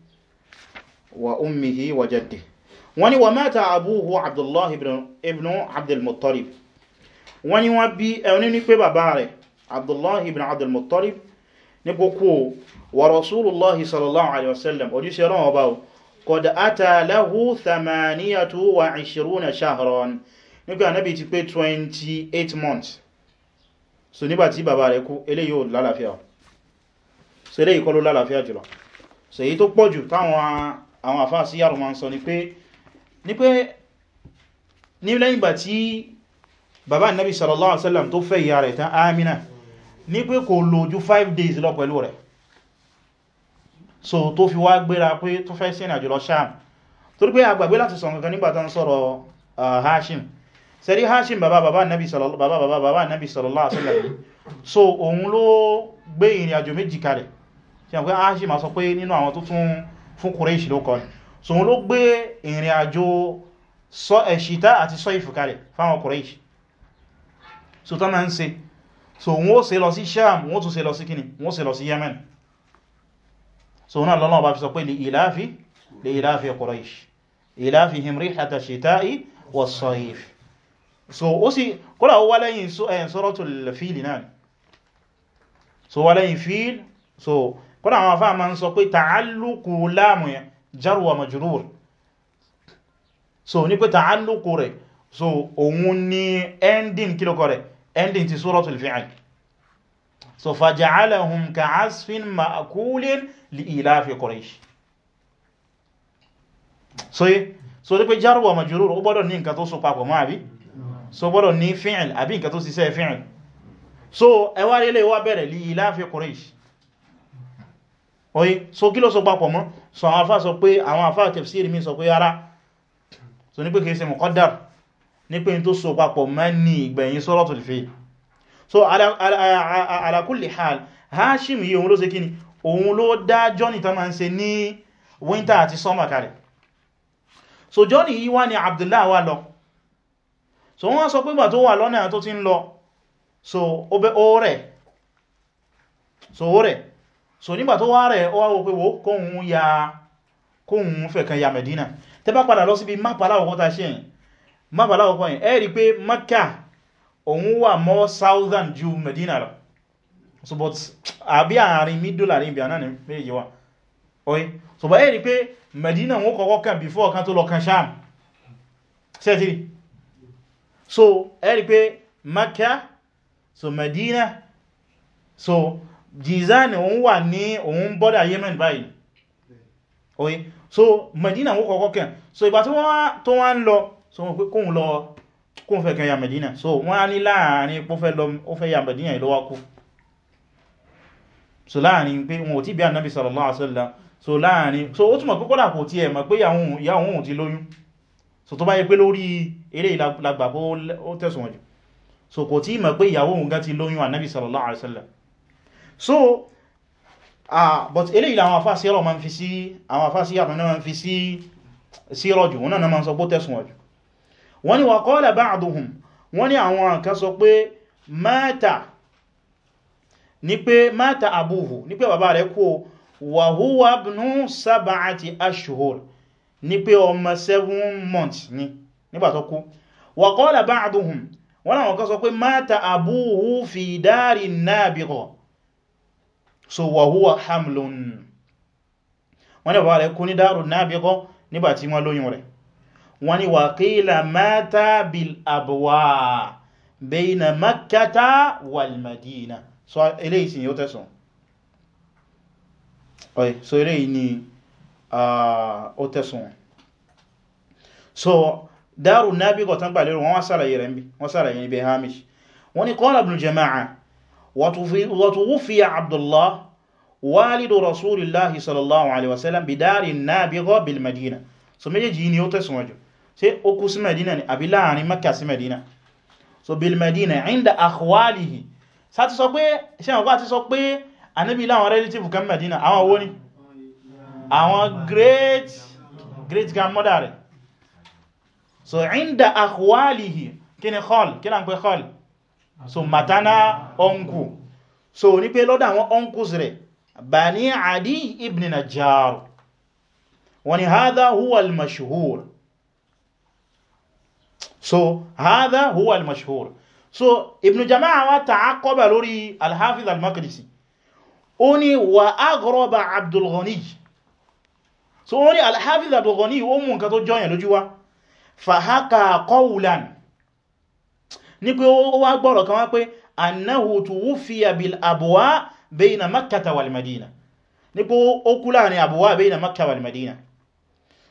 wa ummihi wa jaddi wọ́n ní wa mata abuhu abdullahi ibn abdulmuttalib wọ́n ní wọ́n bí ẹni ní pé bàbá rẹ̀ abdullahi ibn abdulmuttalib ní kókó wa rasulullahi sallallahu alaihi wasallam ojúṣe rán ọba qad ata lahu thamaniyatu wa ishiruna shahran nígbà anábi ti pé 28 months so nígbàtí bàbá rẹ̀ kú eléyìí ò lálàáfíà so eléyìí kọ́ ló lálàáfíà jùlọ so èyí tó pọ̀jù táwọn àwọn àfáà sí yàrù ma ń sọ ni pé ní pé ní lẹ́yìn bà tí bàbá Ànábì sallallahu alaihi wasallam tó fẹ́ ìyá rẹ̀ tán Amina ní pé kò lò ju 5 days lọ pẹ̀lú rẹ̀ so tó fi wá gbéra pé tó fẹ́ sí ìrìnàjò lọ Sham torí pé agbàgbé láti sọ nǹkan nígbà tán sọ̀rọ̀ Hashim sẹ́rí Hashim bàbá bàbá nabi sallallahu alaihi so òun ló gbé ìrìnàjò méjì kalẹ̀ tí a pé Hashim a sọ pé nínú àwọn tó tún fún Quraysh ló kọ́ so òun ló gbé ìrìnàjò ṣìtá àti ṣọ́ìfù kalẹ̀ fáwọn Quraysh so tán máa ń ṣe so wọ́n ó ṣe lọ sí Sham wọ́n tún ṣe lọ sí kíni wọ́n ó ṣe lọ sí Yemen so náà lọ́lọ́wọ́ bá fi sọ pé lè ìláfi lè ìláfi Quraysh ìláfi himri hata shita'i was-sayf so ó sì kọ́lá ó wá lẹ́yìn eh, suratul fíìlì náà so wá lẹ́yìn fíìl so kọ́lá àwọn afá ma ń sọ pé ta'alluqu láàmù jar wa so ní pé ta'alluqu rẹ̀ so òun ni ending kílọ̀kọ̀ rẹ̀ ending ti suratul fi'il so faja'alahum ka'asfin ma'kulin li ilafi quraish so ye so rí pé jar wa majrur ó gbọ́dọ̀ ní nǹkan tó so papọ̀ mọ́ àbí so gbọ́dọ̀ ní fi'l àbí nǹkan tó ṣiṣẹ́ fi'l so ẹ wá rí lè wá bẹ̀rẹ̀ li ilafi quraish oye so kí ló so papọ̀ mọ́ so àwọn afá sọ pé àwọn tafsir mi sọ pé ara so ní pé kìí ṣe muqaddar ní pé n tó so papọ̀ mọ́ ní ìgbẹ̀yìn suratul fi so ala kulli hal Hashim yìí òun ló ṣe kíni òun ló dá johnny tó máa ń ṣe ní winter àti summer kalẹ̀ so johnny yìí wá ní Abdullah wá lọ so wọ́n sọ pé gbà tó wà lọ́nà tó ti ń lọ so ó bẹ́ ó so ó so nígbà tó wá rẹ̀ ó wá wò pé wò kóhun ya kóhun fẹ́ kan ya Medina tẹ́ bá padà lọ síbi mápàlá ọkọ̀ta ṣe yìn mápàlá ọkọ̀ ẹ́ rí pé Makkah òun wà mọ́ southern ju medina lọ so but àbí àárín middle àárín ibi àná ní méjì wà oye so bá ẹ̀rí pé medina wọ́n kọ́kọ́ kàn before kan tó lọ kan sham sẹ́tìrì so ẹ̀rí pé makka so medina so jizan òun wà ní òun border yemen báyìí oye so medina wọ́n kọ́kọ́ kàn so ìgbà tó wọ́n ń lọ so wọ́n pé kóhun lọ kó fẹ́ kan ya Medina so wọ́n á ní láàrin pó fẹ́ lọ ó fẹ́ ya Medina ìlọ́wà so láàrin pé wọn ò tí bí Ànábì sallallahu alaihi wasallam so láàrin so ó túnmọ̀ pípọ́lá kò tí ẹ mọ̀ pé ìyá òun ò ti lóyún so tó bá yẹ pé lórí eré ìlagbà pé ó tẹ̀sùn jù so kò tí mọ̀ pé ìyàwó òun gan ti lóyún Ànábì sallallahu alaihi wasallam so ah but eré ìlà àwọn afá sí ọ̀rọ̀ máa ń fi sí àwọn afá sí àtúnná máa ń fi sí sí ọ̀rọ̀ wọn náà máa ń sọ pé ó tẹ̀sùn jù wọ́n ni wa qala ba'duhum wọ́n ni àwọn kan sọ pé mata ní pé mata abúhù ní pé bàbá rẹ̀ kú wa huwa ibnu sab'ati ashhur ní pé ọmọ 7 months ni nígbà tó kú wa qala ba'duhum wọ́n ni àwọn kan sọ pé mata abúhù wọ́n ni wà qila mata bil abuwa bayna makkata wal madina so eléyìí sí yóò tẹ́sùn ọ̀yí so eléyìí ni ó tẹ́sùn so dáàrù náàbí gọ̀tán gbà lérò wọ́n wá sàlàyé rẹ̀ mbí wọ́n sàlàyé ibẹ̀ hamish wọ́n ni qala ibn jama'a wa tuwuffiya abdullah walidu rasulillahi sallallahu alaihi wasallam bidari nabiga bil madina so méjèèjì ni ó tẹ́sùn ọjọ́ ṣé ó kú sí Medina ni àbí láàrin Mẹ́kà sí Medina so bil Medina inda akhwalihi sá ti sọ pé ṣe àwọn bá ti sọ pé Ànábì láwọn relative kan Medina àwọn wo ni àwọn great great grandmother rẹ̀ so inda akhwalihi kí ni khal kí là ń pè khal so matana uncle so ní pé lọ́dọ̀ àwọn uncles rẹ̀ Bani Adi ibn Najjar wani hadha huwa al-mashhur so hadha huwa al-mashhur so ibn jama'a wa ta'aqqaba lórí al-hafiz al-maqdisi ó wa aghraba abdul ghani so ó ní al-hafiz abdul ghani ó mú nǹkan tó jọyàn lójú wa fahaka qawlan ní pé ó wá gbọ́rọ̀ kan wá pé annahu tuwufiya bil abuwa bayna makkata wal madina ní pé ó kú láàrin abuwa bayna makkata wal madina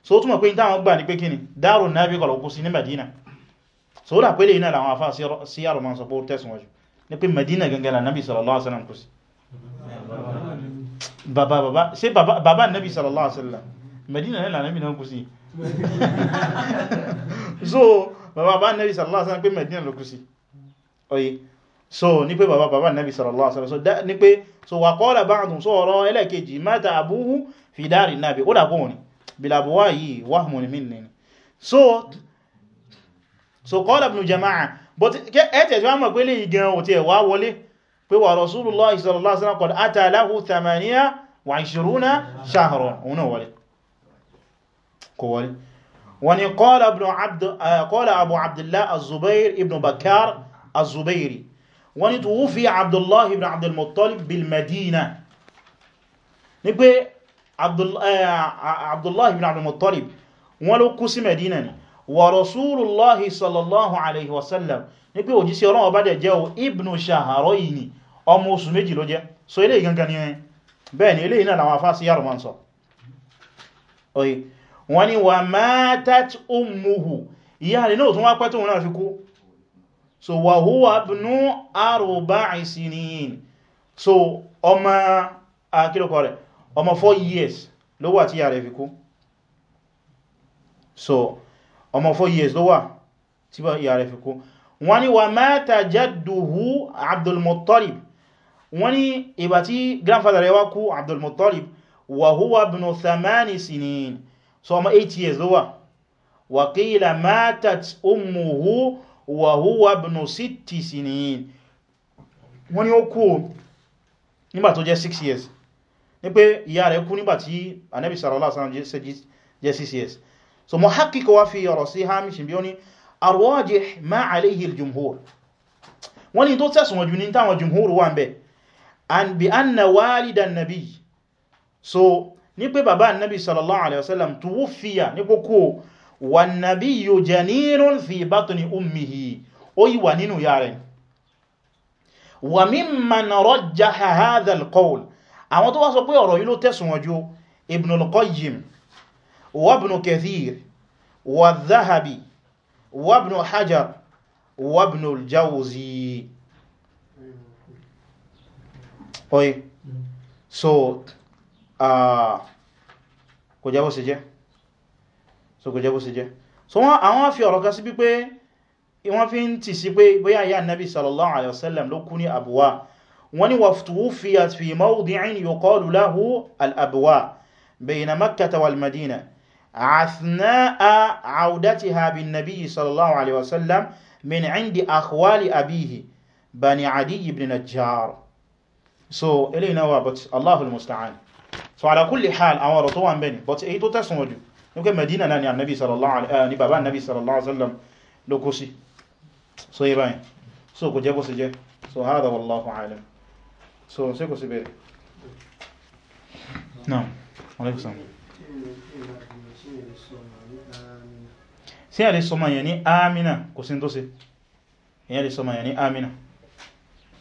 so ó túnmọ̀ pé ní táwọn gbà ní pé kíni dárùn náà bí kọ̀lọ̀kú sí madina so ó dàpẹ́lẹ̀ iná àwọn afá sí yàrù ma ń sọ pé ó tẹ́sùn wájú ní pé Madina gangan la nabi sallallahu alaihi wasallam kú sí bàbá bàbá ṣe bàbá nabi sallallahu alaihi wasallam Madina nílà nabi náà kú sí so bàbá bàbá nabi sallallahu alaihi wasallam pé Madina ló kú sí oye so ní pé bàbá bàbá nabi sallallahu alaihi wasallam so ní pé so wà qala ba'dhum so ọ̀rọ̀ ẹlẹ́kejì mata abuhu fi dari nabi ó dàpọ̀ so qala ibn jama'a but ẹ̀tẹ̀ tí wọ́n mọ̀ pé lè gan òtí ẹ̀wà wọlé pé wa rasulullahi sallallahu alaihi wasallam qad ata lahu thamaniya wa ishiruna shahran òun náà wọlé kò wọlé wọ́n ni qala abu abdullah az-zubair ibn bakar az-zubairi wọ́n ni tuwufi abdullah ibn abdulmuttalib bil madina ni pé eh, abdullah ibn abdulmuttalib wọ́n ló kú sí madina ni wa rasulullahi sallallahu alaihi wasallam ní pé òjíṣẹ́ Ọlọ́run bá dẹ̀ jẹ́ o ibnu shaharayni ọmọ oṣù méjì ló jẹ́ so ilé gangan ni bẹ́ẹ̀ ni ilé iná làwọn afá sí yàrù ma ń sọ oye wa matat ummuhu ìyá rẹ̀ náà tún wá pẹ́ tóun náà fi kú so wa huwa ibnu arba'i sinin so ọmọ akílùkọ rẹ̀ ọmọ 4 years ló wà tí ìyá rẹ̀ fi kú so ọmọ 4 years ló wà tí bá ìyá rẹ̀ fi kú wọ́n ní wà mata jadduhu Abdul Muttalib wọ́n ní ìgbà tí grandfather rẹ̀ wá kú Abdul Muttalib wa huwa thamani sinin so ọmọ 8 years ló wà wa qila matat ummuhu wa huwa ibnu sitti sinin wọ́n ní ó kú nígbà tó jẹ́ 6 years ní pé ìyá rẹ̀ kú nígbà tí Ànábì sallallahu jẹ́ 6 years so mo hakiko wa fi ọ̀rọ̀ sí hamish bí ó ní arwajih ma alayhi al-jumhur wọ́n ní tó tẹ̀sùn wọ́n jù ní jumhur wà ń bẹ̀ bi anna walidan nabi so ní pé bàbá annabi sallallahu alaihi wasallam tuwufiya ní kókó wan nabiyyu janinun fi batni ummihi ó yí wà nínú yaren wa mimman rajjaha hadha al-qawl àwọn tó wá sọ pé ọ̀rọ̀ yìí ló tẹ̀sùn wọ́n ibn al وابن كثير والذهبي وابن حجر وابن الجوزي oye so ah, kò jẹ́ bó ṣe jẹ́ so kò jẹ́ bó ṣe jẹ́ so wọ́n àwọn fi ọ̀rọ̀ kan sí wípé wọ́n fi ń tì sí pé bóyá ya nabi sallallahu alaihi wasallam ló kú ní abuwa wọ́n ni wàftuwú fi àti fi mawdi'in yuqalu lahu al-abuwa bayna makkata wal madina عثناء عودتها بالنبي صلى الله عليه وسلم من عند أخوال أبيه بني عدي بن نجار so إلي نوا but الله المستعان so على كل حال أو رطوا بني but إيه تو تسمو جو نوكي مدينة ناني النبي صلى الله عليه آني آه، بابا النبي صلى الله عليه وسلم لوكوسي so يباني إيه so كو جاكو سجي so هذا والله عالم so سيكو سيبيري نعم عليكم السلام sí ẹ̀lẹ́ sọmọ yẹn ní amina kò sí tó ṣe ìyẹn lè sọmọ yẹn ní amina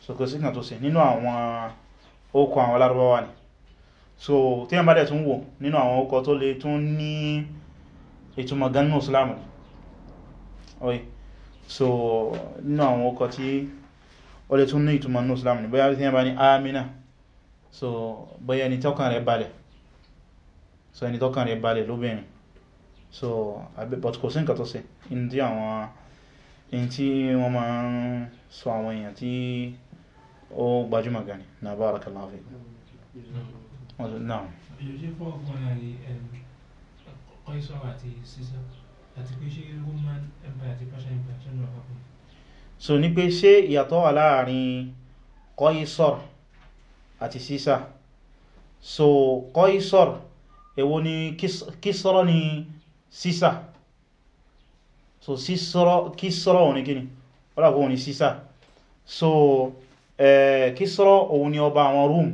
so kò sí kan tó ṣe nínú àwọn okọ̀ àwọn Lárúbáwá ni so tí wọ́n bá dẹ̀ tún wò nínú àwọn okọ̀ tó lè tún ní ìtumọ̀ gan nínú Islam oye so nínú àwọn okọ̀ tí ó lè tún ní ìtumọ̀ nínú Islam ni bóyá tí wọ́n bá ní amina so bóyá ẹni tọ́kàn ẹni tọ́kàn rẹ̀ balẹ̀ lóbìnrin so àbẹ́ but kò sí nǹkan tó ṣe in tí àwọn in tí wọ́n máa ń sọ àwọn èèyàn tí ó gbajúmọ̀ gan ni na barakallahu fikum náà ìyọ̀ṣẹ́ fún ọkùnrin àrí ọkọ̀ ṣe roman empire so ní pé ṣe ìyàtọ̀ wà láàrin Qaisar àti sísá so Qaisar èwo ni Kisra ni sísà so kísọ́rọ̀ òun ni gíní ọlápọ̀ òun ni sísà so eh, kísọ́rọ̀ òun ni ọba àwọn rúm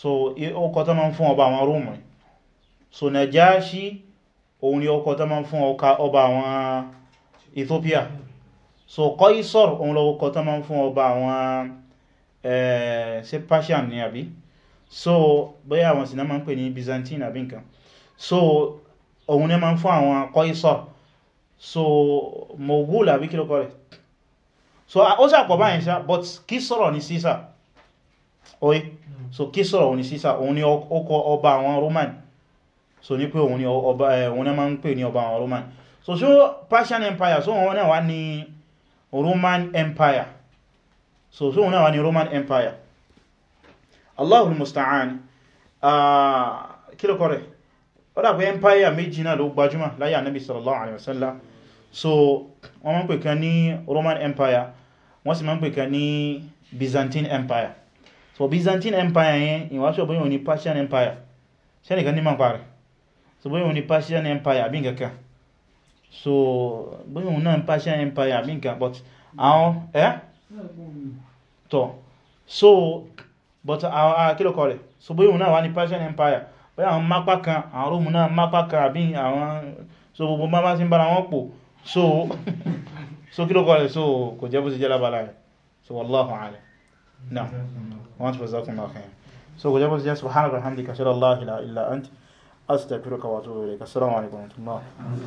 so ọkọ̀ tó máa ń fún ọba àwọn rúm rẹ̀ so Najashi òun ni ọkọ̀ tó máa ń fún ọba àwọn Ethiopia so Qaisar òun lọ́kọ̀ tó máa ń fún ọba àwọn ṣe ni àbí so bóyá àwọn sinamá ń pè ní Byzantine àbí nǹkan so òun ní ma ń fún àwọn Qaisar so Mughul àbí kí lókọ rẹ̀ so ó sàpọ̀ báyìí sá but kí sọ̀rọ̀ ní sísà oye so kí sọ̀rọ̀ òun ní sísà òun ní ọkọ̀ ọba àwọn Roman so ní pé òun ní ọba eh, òun ní ma ń pè ní ọba àwọn Roman so ṣó Persian Empire so òun náà wá ní Roman Empire so so òun náà wá ní Roman Empire Allahu musta'an ah, kí lókọ rẹ̀ ó dà pé empire méjì náà ló gbajúmọ̀ láyé ànábì sallallahu alaihi wasallam so wọ́n máa ń pè ní Roman Empire wọ́n sì máa ń ní Byzantine Empire so Byzantine Empire yẹn ìwáṣọ́ bóyí òní Persian Empire ṣẹ́nìkan ní máa parẹ̀ so bóyí òní Persian Empire àbí nǹkankan so bóyí òun náà Persian Empire àbí nǹkan but àwọn ẹ́ tọ̀ so but àwọn akílọ̀kọ̀ rẹ̀ so bóyí òun náà wá ní Persian Empire pé àwọn mápá kan àwọn rómù náà mápá kan àbí àwọn so gbogbo mápá sí bára wọn pò so so kí ló kọ́ rẹ̀ so kò jẹ́ bó ti jẹ́ lábàlá rẹ̀ so wallahu a'lam náà wọ́n ti fọ́sákùn so kò jẹ́ bó ti jẹ́ subhanaka wa bihamdika ashhadu an la ilaha illa anta astaghfiruka wa atubu ilayk